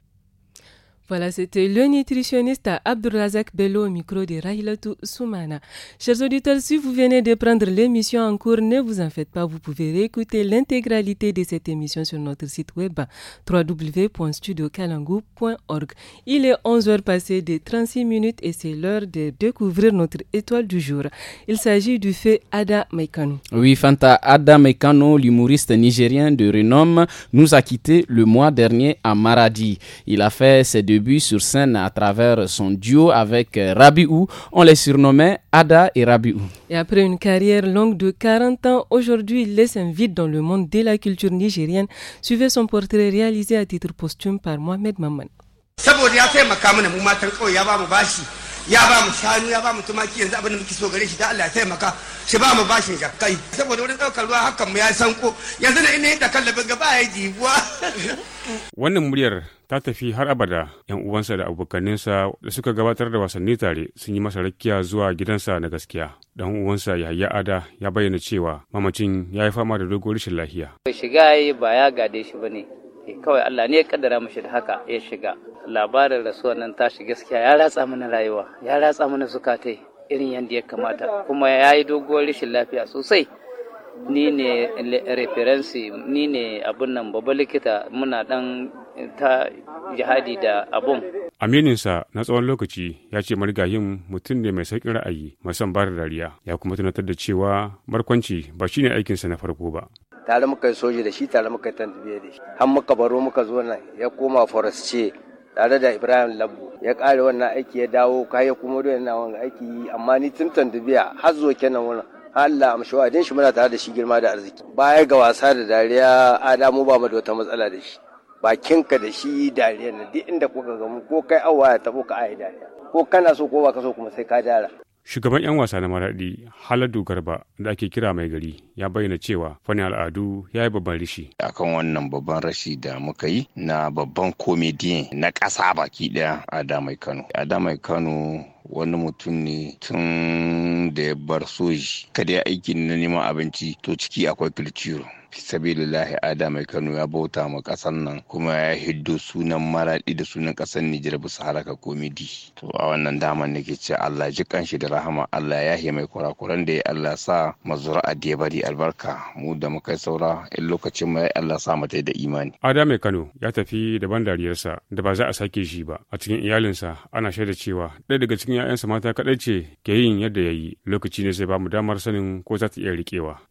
Voilà, c'était le nutritionniste Abdurrazak Bello au micro de Rahilatou Soumana. Chers auditeurs, si vous venez de prendre l'émission en cours, ne vous en faites pas, vous pouvez réécouter l'intégralité de cette émission sur notre site web www.studiocalangou.org. Il est 11h passé de 36 minutes et c'est l'heure de découvrir notre étoile du jour. Il s'agit du fait Ada Meikano. Oui, Fanta Ada Meikano, l'humoriste nigérien de renom, nous a quitté le mois dernier à Maradi. Il a fait ses sur scène à travers son duo avec euh, Rabiou. On les surnommait Ada et Rabiou. Et après une carrière longue de 40 ans, aujourd'hui, il laisse un vide dans le monde de la culture nigérienne. Suivez son portrait réalisé à titre posthume par Mohamed Maman. Wannan muryar ta tafi har abada yan uwansa da abokaninsa da suka gabatar da wasanni tare sun yi masa rakiya zuwa gidansa na gaskiya dan uwansa yi ada ya bayyana cewa mamacin ya yi fama da dogon rashin lafiya shiga yi ba ya gade shi ba ne eh, kawai Allah ne ya kaddara mashi da haka ya shiga labarin rasuwar nan tashi gaskiya ya ratsa mana rayuwa ya ratsa mana zukatai irin yadda ya kamata kuma ya yi doguwar rashin lafiya sosai ni ne referensi ni ne abun nan babba likita muna dan ta jihadi da abun. Amininsa na tsawon lokaci ya ce marigayin mutum ne mai sauƙin ra'ayi mai son bada dariya ya kuma tunatar da cewa barkwanci ba shi ne aikinsa na farko ba. Tare muka yi soji da shi tare muka yi tantabiya da shi har muka baro muka zo nan ya koma ce tare da Ibrahim labu. ya kare wannan aiki ya dawo kaya kuma da yana wani aiki amma ni tun tantabiya har zuwa kenan wannan Allah amshi shi muna tare da shi girma da arziki baya ga wasa da dariya adamu ba mu da wata matsala da shi bakinka da shi dariya na duk inda kuka gamu ko kai awa ya tabo ka dariya ko kana so ko ba ka so kuma sai ka dara Shugaban 'yan wasa na maraɗi Haladu Garba da ake kira mai gari ya bayyana cewa fani al'adu ya yi babban rishi. Akan wannan babban rashi da muka yi na babban komediyan na ƙasa baki ɗaya a Damai Kano. A Damai Kano wani mutum ne tun da ya bar soji kada ya aikin na neman abinci to ciki akwai kilciro. fisabilillahi ada kano ya bauta ma kasan nan kuma ya hiddo sunan maradi da sunan kasan nijar bisa haraka komedi to a wannan daman ke ce allah ji kanshi da rahama allah ya yi mai kurakuran da ya allah sa mazura a da bari albarka mu da muka saura in lokacin mu ya allah sa mata da imani ada kano ya tafi da ban dariyarsa da ba za a sake shi ba a cikin iyalinsa ana shaida cewa ɗaya daga cikin 'ya'yansa mata kaɗai ce ke yin yadda ya yi lokaci ne sai ba mu damar sanin ko za ta iya riƙewa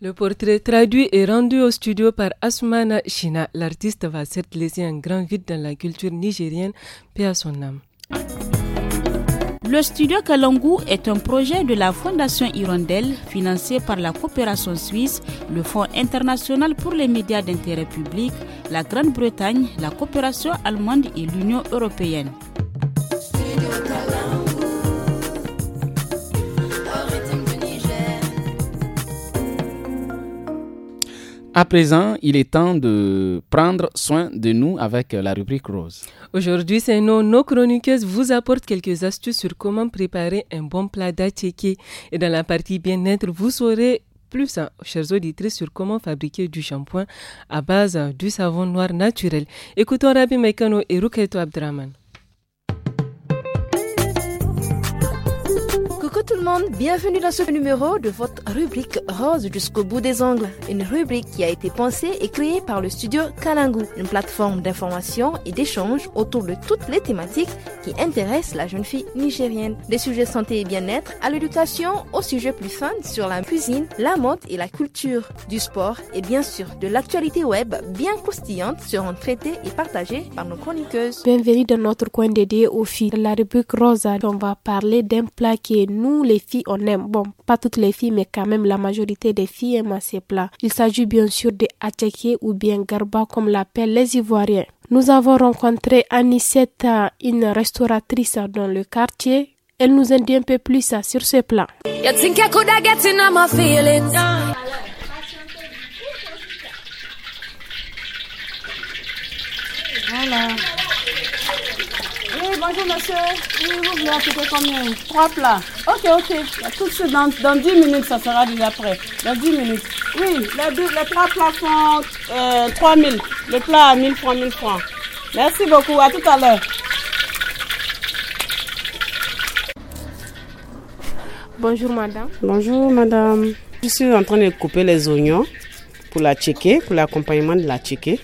Le portrait traduit et rendu au studio par Asmana Shina. L'artiste va certes laisser un grand vide dans la culture nigérienne, paix à son âme. Le studio Kalangu est un projet de la Fondation Hirondelle financé par la coopération suisse, le Fonds international pour les médias d'intérêt public, la Grande-Bretagne, la coopération allemande et l'Union européenne. À présent, il est temps de prendre soin de nous avec la rubrique rose. Aujourd'hui, c'est nous, nos chroniqueuses vous apportent quelques astuces sur comment préparer un bon plat d'attiqué. Et dans la partie bien-être, vous saurez plus, hein, chers auditeurs, sur comment fabriquer du shampoing à base du savon noir naturel. Écoutons Rabbi Mekano et Ruketo Abdraman. bienvenue dans ce numéro de votre rubrique Rose jusqu'au bout des ongles, une rubrique qui a été pensée et créée par le studio Kalangu, une plateforme d'information et d'échange autour de toutes les thématiques qui intéressent la jeune fille nigérienne, des sujets santé et bien-être à l'éducation, aux sujets plus fun sur la cuisine, la mode et la culture, du sport et bien sûr de l'actualité web bien croustillante seront traitées et partagées par nos chroniqueuses. Bienvenue dans notre coin dédié aux filles, la rubrique Rose, on va parler d'un plat qui est nous les les filles, on aime. Bon, pas toutes les filles, mais quand même la majorité des filles aiment ces plats. Il s'agit bien sûr des attiéké ou bien garba comme l'appellent les Ivoiriens. Nous avons rencontré Anissette, euh, une restauratrice dans le quartier. Elle nous a dit un peu plus euh, sur ce plat. Voilà bonjour monsieur. Oui, vous voulez acheter combien Trois plats. Ok, ok. Tout de suite, dans, dans 10 minutes, ça sera déjà prêt. Dans 10 minutes. Oui, les, trois plats sont euh, trois mille. Le plat à francs, mille francs. Merci beaucoup, à tout à l'heure. Bonjour madame. Bonjour madame. Je suis en train de couper les oignons pour la checker, pour l'accompagnement de la checker.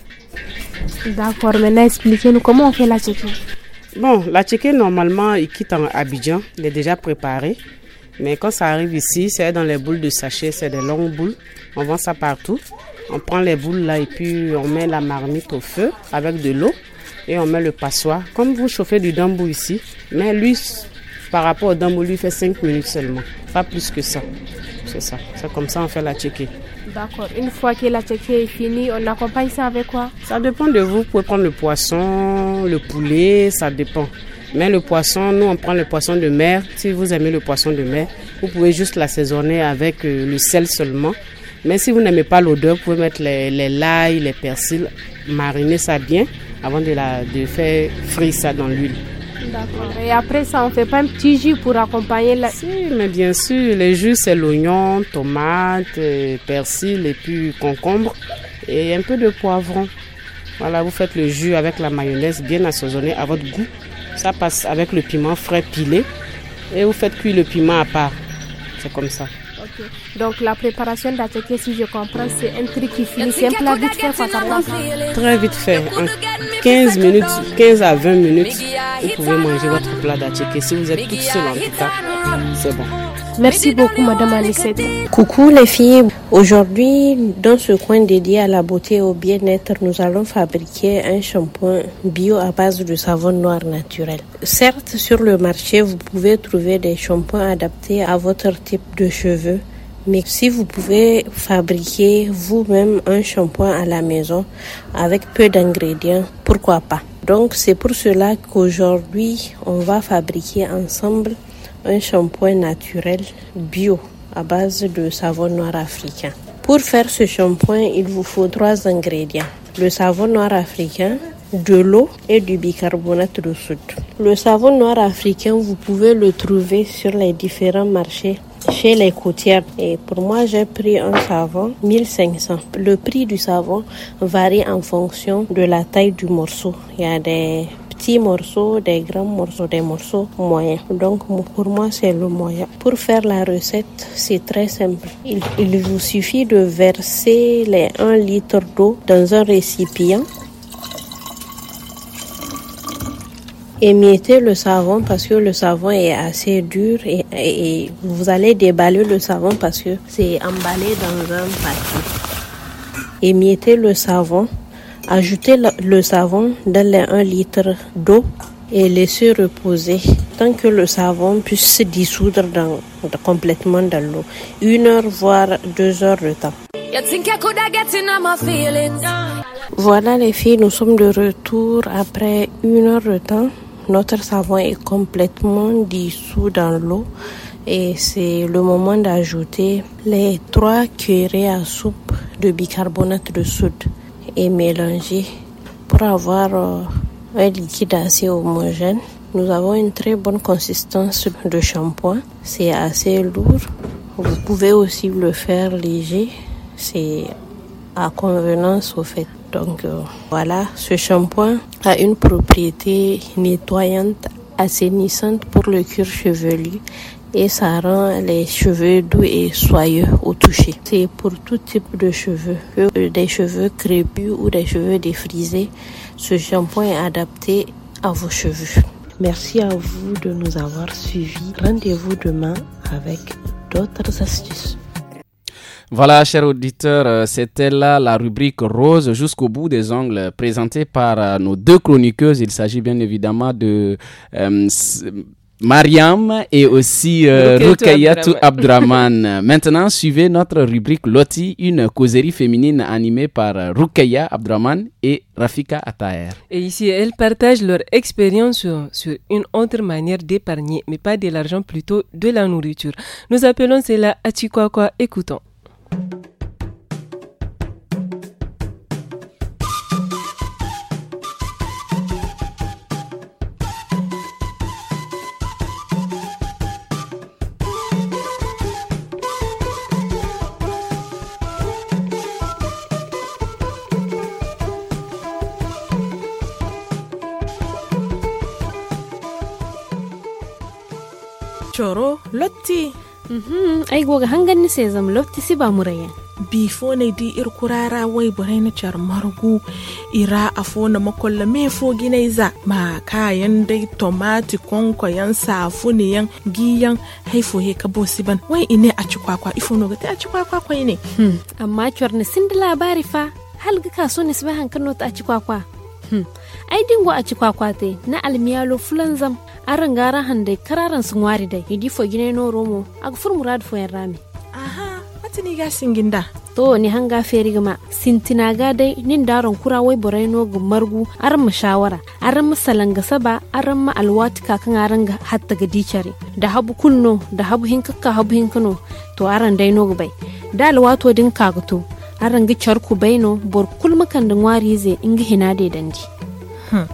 D'accord, maintenant expliquez-nous comment on fait la checker. Bon, la chicken, normalement, il quitte en Abidjan. Il est déjà préparé. Mais quand ça arrive ici, c'est dans les boules de sachet, c'est des longues boules. On vend ça partout. On prend les boules là et puis on met la marmite au feu avec de l'eau et on met le passoire. Comme vous chauffez du dambou ici, mais lui, par rapport au dambou, lui fait 5 minutes seulement. Pas plus que ça. C'est ça. C'est comme ça on fait la checker. D'accord. Une fois que la tchétchée est finie, on accompagne ça avec quoi Ça dépend de vous. Vous pouvez prendre le poisson, le poulet, ça dépend. Mais le poisson, nous, on prend le poisson de mer. Si vous aimez le poisson de mer, vous pouvez juste l'assaisonner avec euh, le sel seulement. Mais si vous n'aimez pas l'odeur, vous pouvez mettre les, l'ail, les persils, mariner ça bien avant de, la, de faire frire ça dans l'huile. D'accord. Et après ça, on fait pas un petit jus pour accompagner la... Si, mais bien sûr, les jus, c'est l'oignon, tomate, euh, persil et puis concombre et un peu de poivron. Voilà, vous faites le jus avec la mayonnaise bien assaisonnée à votre goût. Ça passe avec le piment frais pilé et vous faites cuire le piment à part. C'est comme ça. Donc la préparation d'attaquer si je comprends, c'est un truc qui finit, c'est un plat vite fait, Très vite fait, en 15 minutes, 15 à 20 minutes, vous pouvez manger votre plat d'atcheke. Si vous êtes tout seul en tout cas, c'est bon. Merci beaucoup, Madame Alicette. Coucou les filles. Aujourd'hui, dans ce coin dédié à la beauté et au bien-être, nous allons fabriquer un shampoing bio à base de savon noir naturel. Certes, sur le marché, vous pouvez trouver des shampoings adaptés à votre type de cheveux. Mais si vous pouvez fabriquer vous-même un shampoing à la maison avec peu d'ingrédients, pourquoi pas Donc c'est pour cela qu'aujourd'hui, on va fabriquer ensemble un shampoing naturel bio à base de savon noir africain. Pour faire ce shampoing, il vous faut trois ingrédients. Le savon noir africain, de l'eau et du bicarbonate de soude. Le savon noir africain, vous pouvez le trouver sur les différents marchés chez les côtières. Et pour moi, j'ai pris un savon 1500. Le prix du savon varie en fonction de la taille du morceau. Il y a des petits morceaux, des grands morceaux, des morceaux moyens. Donc pour moi, c'est le moyen. Pour faire la recette, c'est très simple. Il, vous suffit de verser les 1 litre d'eau dans un récipient. Émiettez le savon parce que le savon est assez dur et, vous allez déballer le savon parce que c'est emballé dans un papier. Émiettez le savon Ajoutez le savon dans les 1 litre d'eau et laissez reposer tant que le savon puisse se dissoudre dans, complètement dans l'eau. Une heure voire deux heures de temps. Voilà les filles, nous sommes de retour après une heure de temps. Notre savon est complètement dissous dans l'eau et c'est le moment d'ajouter les trois cuillerées à soupe de bicarbonate de soude et mélanger pour avoir euh, un liquide assez homogène. Nous avons une très bonne consistance de shampoing. C'est assez lourd. Vous pouvez aussi le faire léger. C'est à convenance au fait. Donc euh, voilà, ce shampoing a une propriété nettoyante, assainissante pour le cuir chevelu et ça rend les cheveux doux et soyeux au toucher. C'est pour tout type de cheveux, des cheveux crépus ou des cheveux défrisés. Ce shampoing est adapté à vos cheveux. Merci à vous de nous avoir suivis. Rendez-vous demain avec d'autres astuces. Voilà, chers auditeurs, euh, c'était là la rubrique rose jusqu'au bout des ongles présentée par euh, nos deux chroniqueuses. Il s'agit bien évidemment de... Euh, Mariam et aussi euh, Abdraman. Maintenant, suivez notre rubrique Loti, une causerie féminine animée par euh, Rukaya Abdraman et Rafika Ataer. Et ici, elles partagent leur expérience sur, une autre manière d'épargner, mais pas de l'argent, plutôt de la nourriture. Nous appelons cela kwa, Écoutons. lotti. Mhm. ai goga hangar ni sai zama lotti si ba murayen bifo na di ir kurara wai bore na char margu ira afo na makolla me fo ginaiza ma kayan dai tomati konko yan ne yan giyan haifo he ka ban wai ine a ci kwakwa ifo no ta a ci kwakwa kwai ne hmm. amma char ne da labari fa hal ga kaso ne sibahan kan ta a ci kwakwa hmm. ai dingo a ci kwakwa te na almiyalo fulan zam aran gara hande kararan sun wari dai yidi fo no romo ag fur murad fo rami aha matini ga singinda to ni hanga feri gama sintina ga dai nin daron kura wai borai no gu margu aran mu shawara aran mu salanga saba aran mu alwati kakan aran ga hatta ga dicare da habu kunno da habu hinkaka habu hinkano to aran dai no gu bai da alwato din kagato aran ga charku baino bor kulmakan da wari ze inga hina dai dandi hmm.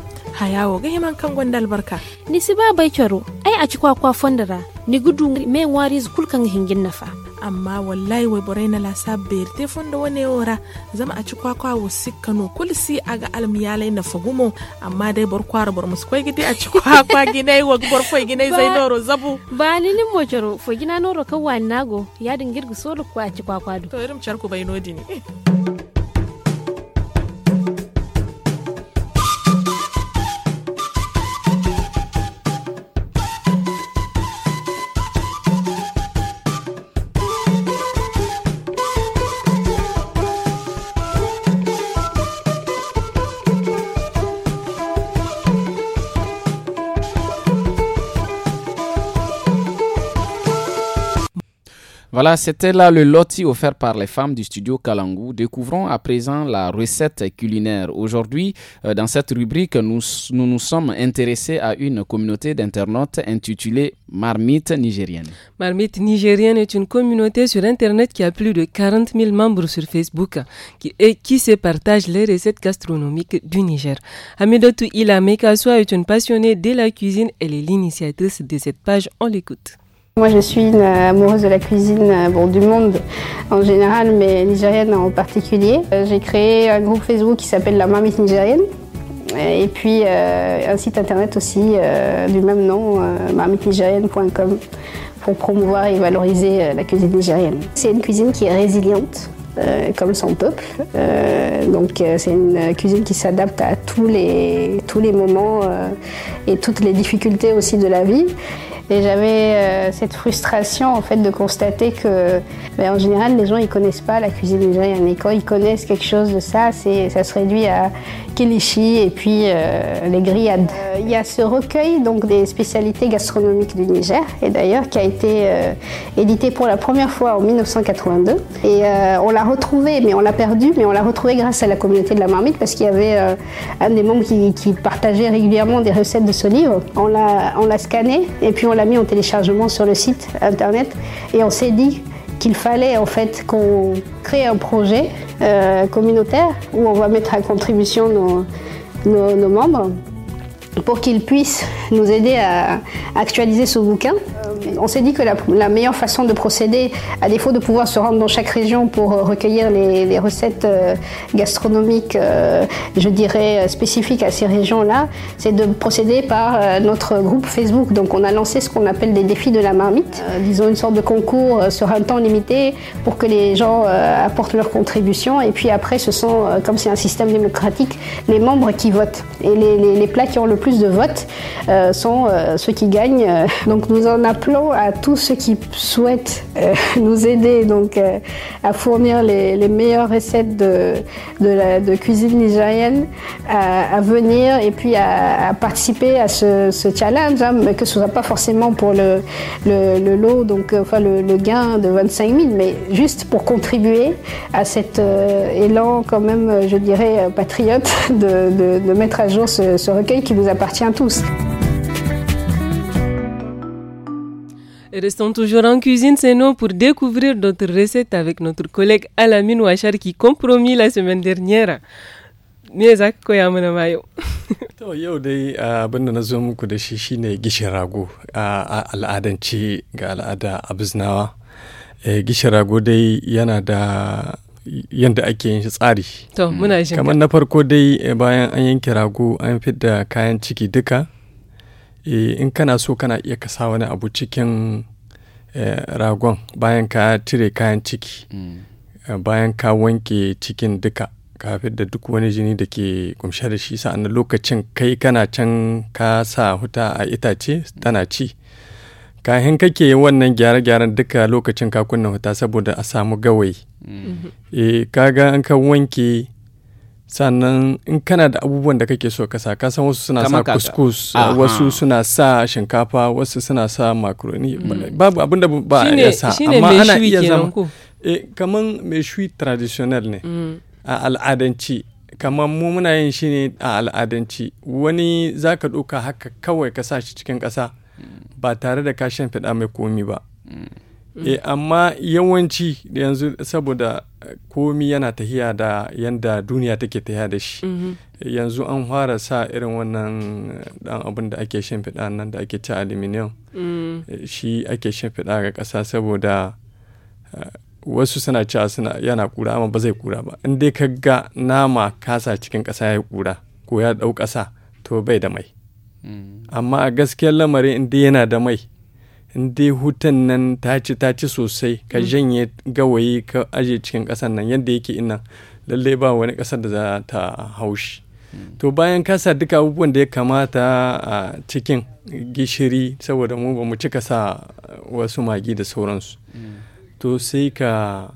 yawo ga himan kan gondal barka ni si ba bai kyaro ai a ci kwakwa fondara ni gudu me wari zukul hingin nafa amma wallahi wai borai na lasa berte fonda wane ora zama a ci kwakwa wa sikka no kulsi a ga almiyalai na fagumo amma dai bar kwara bar musu kwai gidi a ci kwakwa ginai wa bor kwai ginai zai noro zabu ba ni nin mo kyaro fo gina noro kawai nago ya girgi solo kwa a ci kwakwa do to irin charku bai nodi ne Voilà, c'était là le loti offert par les femmes du studio Kalangu. Découvrons à présent la recette culinaire. Aujourd'hui, euh, dans cette rubrique, nous, nous sommes intéressés à une communauté d'internautes intitulée Marmite nigérienne. Marmite nigérienne est une communauté sur Internet qui a plus de 40 000 membres sur Facebook et qui se partage les recettes gastronomiques du Niger. Amidotou Ilamekaswa est une passionnée de la cuisine. Elle est l'initiatrice de cette page. On l'écoute. Moi, je suis une euh, amoureuse de la cuisine euh, bon, du monde en général, mais nigérienne en particulier. Euh, j'ai créé un groupe Facebook qui s'appelle La Marmite Nigérienne. Et puis un site internet aussi du même nom, euh, pour promouvoir et valoriser la cuisine nigérienne. C'est une cuisine qui est résiliente, comme son peuple. donc c'est une cuisine qui s'adapte à tous les, tous les moments et toutes les difficultés aussi de la vie j'avais euh, cette frustration en fait de constater que, ben, en général, les gens ils connaissent pas la cuisine nigériane. Et quand ils connaissent quelque chose de ça, c'est ça se réduit à kelichi et puis euh, les grillades. Euh, il y a ce recueil donc des spécialités gastronomiques du Niger et d'ailleurs qui a été édité pour la première fois en 1982. Et on l'a retrouvé, mais on l'a perdu, mais on l'a retrouvé grâce à la communauté de la marmite parce qu'il y avait un des membres qui, partageait régulièrement des recettes de ce livre. On l'a scanné et puis on l'a mis en téléchargement sur le site internet et on s'est dit qu'il fallait en fait qu'on crée un projet euh, communautaire où on va mettre à contribution nos membres pour qu'ils puissent nous aider à actualiser ce bouquin on s'est dit que la, meilleure façon de procéder, à défaut de pouvoir se rendre dans chaque région pour euh, recueillir les, recettes euh, gastronomiques, euh, je dirais, spécifiques à ces régions-là, c'est de procéder par notre groupe Facebook. Donc on a lancé ce qu'on appelle des défis de la marmite, disons une sorte de concours sur un temps limité pour que les gens apportent leur contribution. Et puis après, ce sont, comme c'est un système démocratique, les membres qui votent. Et les, les plats qui ont le plus de votes sont ceux qui gagnent. Donc nous en appelons à tous ceux qui souhaitent euh, nous aider donc, euh, à fournir les, meilleures recettes de, cuisine nigérienne à, venir et puis à, participer à ce, challenge, hein, mais que ce ne soit pas forcément pour le, lot, donc, euh, enfin, le, gain de 25 000, mais juste pour contribuer à cet élan quand même, je dirais, patriote de, mettre à jour ce, recueil qui vous appartient tous. Restons toujours en cuisine, c'est nous, pour découvrir notre recette avec notre collègue Alamine Ouachar qui compromis la semaine dernière. me za ka koya mana ma yau to yau dai ah, abin da na zo muku da shi shine gishin rago ah, a ga al'ada a biznawa eh, gishin rago dai yana da yadda ake yin shi tsari to muna shi kamar na farko dai eh, bayan an yanke rago an da kayan ciki duka Eh, in kana so kana iya kasa wani abu cikin eh, ragon bayan ka cire kayan ciki mm. eh, bayan ka wanke cikin duka kafin da duk wani jini da ke kumshe da shi sa'an lokacin kai kana can ka sa huta a itace tana ci kahin kake wannan gyare-gyaren duka lokacin ka kunna huta saboda a samu gawayi mm. e kaga an ka wanke sannan in kana da abubuwan da kake so ka sa ka san wasu suna sa kuskus ah, ah. wasu suna sa shinkafa wasu suna sa macaroni hmm. babu abinda ba ya sa amma ana iya zama eh, kaman mai shui traditional ne hmm. a al'adanci kaman mu muna yin shi ne a al'adanci wani za ka ɗauka haka kawai ka sa shi cikin ƙasa ba tare da ka shan fiɗa mai komi ba e, amma yawanci yanzu saboda komi yana tahiya da yadda duniya take tahiya da shi mm-hmm. yanzu an fara sa irin wannan dan eh, abin da ake fida nan da ake ci aluminium mm. eh, shi ake fida ga kasa saboda eh, wasu suna cewa suna yana kura amma ba zai kura ba in dai ka ga nama kasa cikin kasa ya kura ko ya dau kasa to bai da mai mm. amma a gaskiyar lamarin in dai yana da mai in dai hutan nan ta ci ta ci sosai ka mm. janye gawayi ka aje cikin ƙasar nan yadda yake ina lallai ba wani ƙasar da za ta haushi mm. to bayan kasa duka abubuwan da ya kamata a cikin gishiri saboda mu ba mu cika sa wasu magi da sauransu mm. to sai ka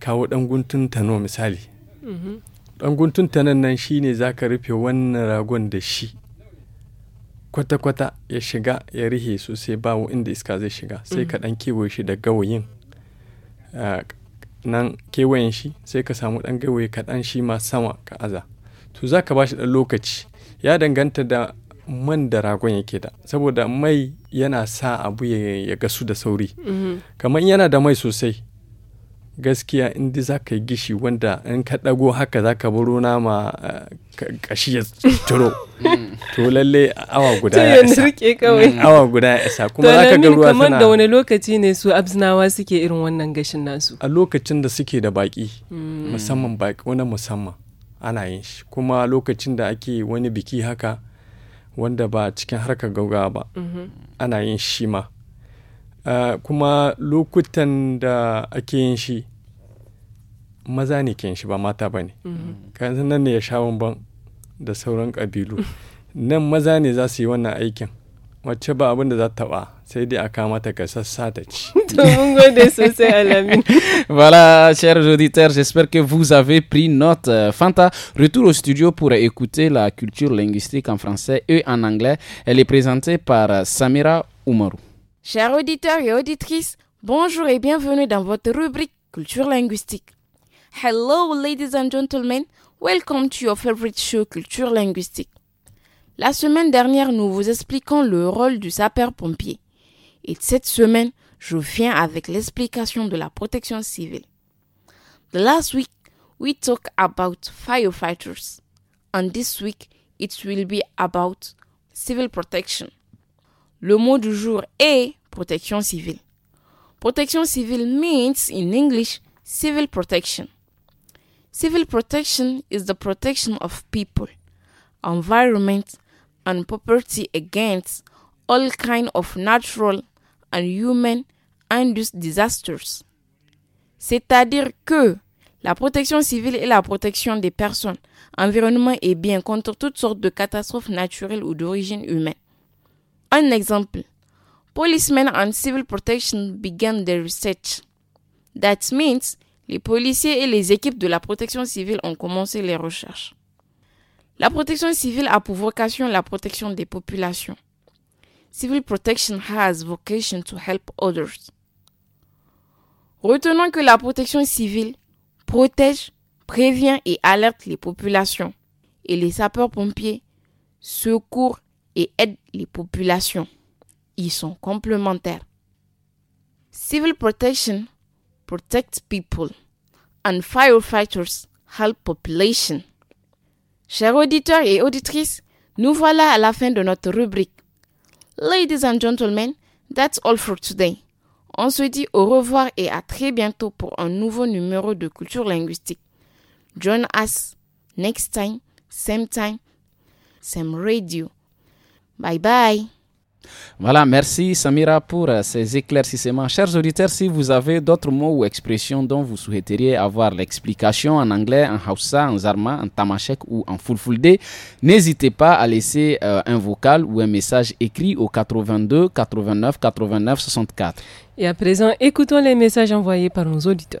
kawo ɗan guntun tano misali mm-hmm. ɗan guntun tanon nan shine za ka rufe wannan ragon da shi kwata-kwata ya shiga ya rihe sosai ba inda iska zai shiga sai mm. ka dan kewaye shi da gawayin nan kewayen shi sai ka samu ɗan gawayi ka dan shi ma sama ka aza to za ka ba shi dan lokaci ya danganta da man da ragon yake da saboda mai yana sa abu ya gasu da sauri mm-hmm. kamar yana da mai sosai gaskiya in dai za ka yi gishi wanda in ka ɗago haka za ka baro nama ƙashi eh, ya turo to lalle awa guda ya isa mm, awa guda ya isa kuma za ka ga ruwa tana kamar da wani lokaci ne su abzinawa suke irin wannan gashin nasu a lokacin da suke da baki mm. musamman baki wani musamman ana yin shi kuma lokacin da ake wani biki haka wanda ba cikin harkar gaugawa ba mm-hmm. ana yin shi ma uh, kuma lokutan da ake yin shi maza ne ke yin shi ba mata ba ne mm-hmm. kan nan ne ya sha bamban da sauran ƙabilu nan maza ne za su yi wannan aikin wacce ba abin da za ta ba sai dai a kama ta ka sassa ta ci. voilà, chers auditeurs, j'espère que vous avez pris note. Euh, Fanta, retour au studio pour écouter la culture linguistique en français et en anglais. Elle est présentée par euh, Samira Oumarou. Chers auditeurs et auditrices, bonjour et bienvenue dans votre rubrique Culture linguistique. Hello, ladies and gentlemen. Welcome to your favorite show Culture linguistique. La semaine dernière, nous vous expliquons le rôle du sapeur-pompier. Et cette semaine, je viens avec l'explication de la protection civile. The last week, we talked about firefighters. And this week, it will be about civil protection. Le mot du jour est protection civile. Protection civile means in English civil protection. Civil protection is the protection of people, environment, and property against all kind of natural and human induced disasters. C'est-à-dire que la protection civile est la protection des personnes, environnement et biens contre toutes sortes de catastrophes naturelles ou d'origine humaine. Un exemple, policemen and civil protection began their research. That means les policiers et les équipes de la protection civile ont commencé les recherches. La protection civile a pour vocation la protection des populations. Civil protection has vocation to help others. Retenons que la protection civile protège, prévient et alerte les populations et les sapeurs-pompiers secours, et aident les populations. Ils sont complémentaires. Civil protection protects people and firefighters help population. Chers auditeurs et auditrices, nous voilà à la fin de notre rubrique. Ladies and gentlemen, that's all for today. On se dit au revoir et à très bientôt pour un nouveau numéro de culture linguistique. Join us next time, same time, same radio. Bye bye. Voilà, merci Samira pour euh, ces éclaircissements. Chers auditeurs, si vous avez d'autres mots ou expressions dont vous souhaiteriez avoir l'explication en anglais, en Hausa, en Zarma, en Tamashek ou en Fulfulde, n'hésitez pas à laisser euh, un vocal ou un message écrit au 82 89 89 64. Et à présent, écoutons les messages envoyés par nos auditeurs.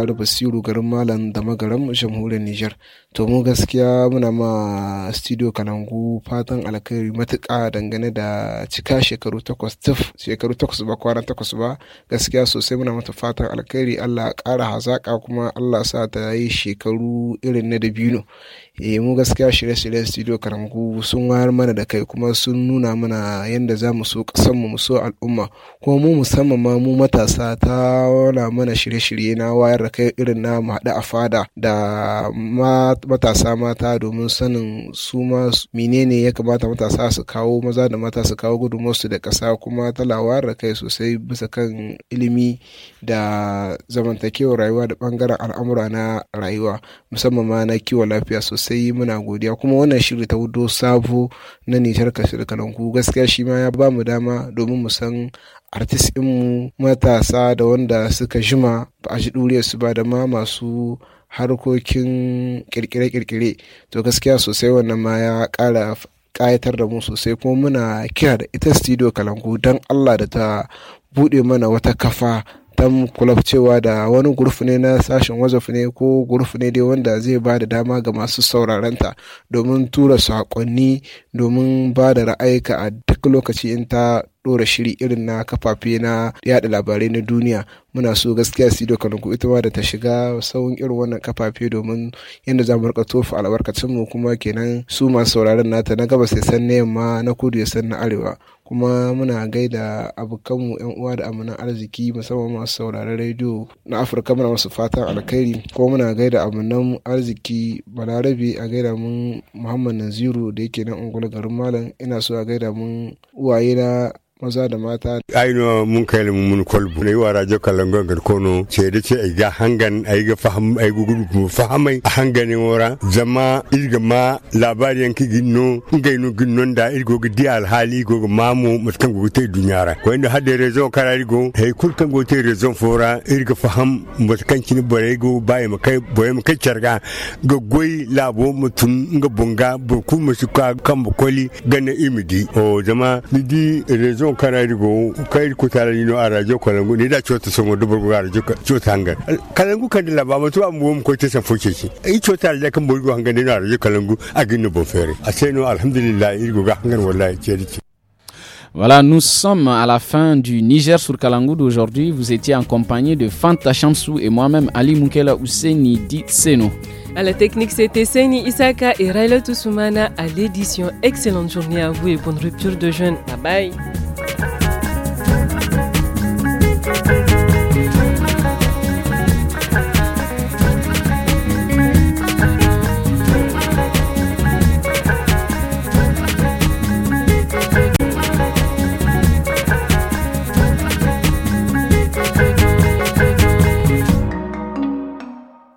Muktar Basiru garin Malam da magaram jamhuriyar Nijar. To mu gaskiya muna ma studio Kanangu fatan alkhairi matuƙa dangane da cika shekaru takwas tuf shekaru takwas ba kwana takwas ba gaskiya sosai muna mata fatan alkhairi Allah ƙara hazaƙa kuma Allah sa ta yi shekaru irin na dabino. eh mu gaskiya shirye-shiryen studio karamku sun wayar mana da kai kuma sun nuna mana yadda za mu so kasanmu mu so al'umma kuma mu musamman ma mu matasa ta wana mana shirye-shirye na wayar da kai irin na mu haɗu a fada da matasa mata domin sanin su ma menene ya kamata matasa su kawo maza da mata su kawo su da ƙasa kuma talawa da kai sosai bisa kan ilimi da zamantakewar rayuwa da bangaren al'amura na rayuwa musamman ma na kiwon lafiya sosai muna godiya kuma wannan shiri ta hudu sabo na nitar kalanku gaskiya shi ma ya ba mu dama domin mu san artist mu matasa da wanda suka jima ba a ji su ba da ma masu harkokin kirkire-kirkire to gaskiya sosai wannan ma ya kara kayatar da mu sosai kuma muna kira da ita studio kalangu don allah da ta buɗe mana wata kafa tam club cewa da wani guruf ne na sashen wazaf ne ko guruf ne dai wanda zai ba da dama ga masu saurarenta domin tura saƙonni domin ba da ra'ayika a duk lokaci in ta ɗora shiri irin na kafafe na yada labarai na duniya muna so gaskiya su dokanku ita ma da ta shiga sauran irin wannan kafafe domin yadda za mu rika tofa albarkacin mu kuma kenan su masu sauraron nata na gabas ya san na yamma na kudu ya san na arewa kuma muna gaida abokanmu yan uwa da amanan arziki musamman masu sauraron rediyo na afirka muna masu fatan alkhairi kuma muna gaida amanan arziki balarabe a gaida mun muhammad naziru da yake nan ungulu garin malam ina so a gaida mun uwaye na maza da mata. Aino mun kai mun mun kolbu ne wara jo kalangon gar kono ce da ce ga hangan ai ga faham ai gugu mu fahamai hangane wora zama irga ma labariyan ki ginno ngai no ginnon da irgo ga di hali go mamu mutkan go te dunyara ko inda hadde rezo karari go he kulkan go te rezo fora irga faham mutkan kin bare go bai mu kai boye mu kai charga ga goi labo mutun ga bunga bu ku mu suka kan bu koli gane imidi o zama didi rezo non kana rigo kai ku tala ni no arajo kalangu ni da chota songo dubu ko arajo chota hanga kalangu kan la ba mutu am wom ko tesa foke shi i chota la kan bolgo hanga ni no arajo kalangu agin bo fere aseno alhamdulillah irgo ga hangan wallahi cheri voilà, nous sommes à la fin du Niger sur Kalangou d'aujourd'hui. Vous étiez en compagnie de Fanta Chamsou et moi-même Ali Moukela Ouseni Dit Seno. À la technique, c'était Seni Isaka et Raila Toussoumana à l'édition. Excellente journée à vous et bonne rupture de jeûne. Bye bye. you.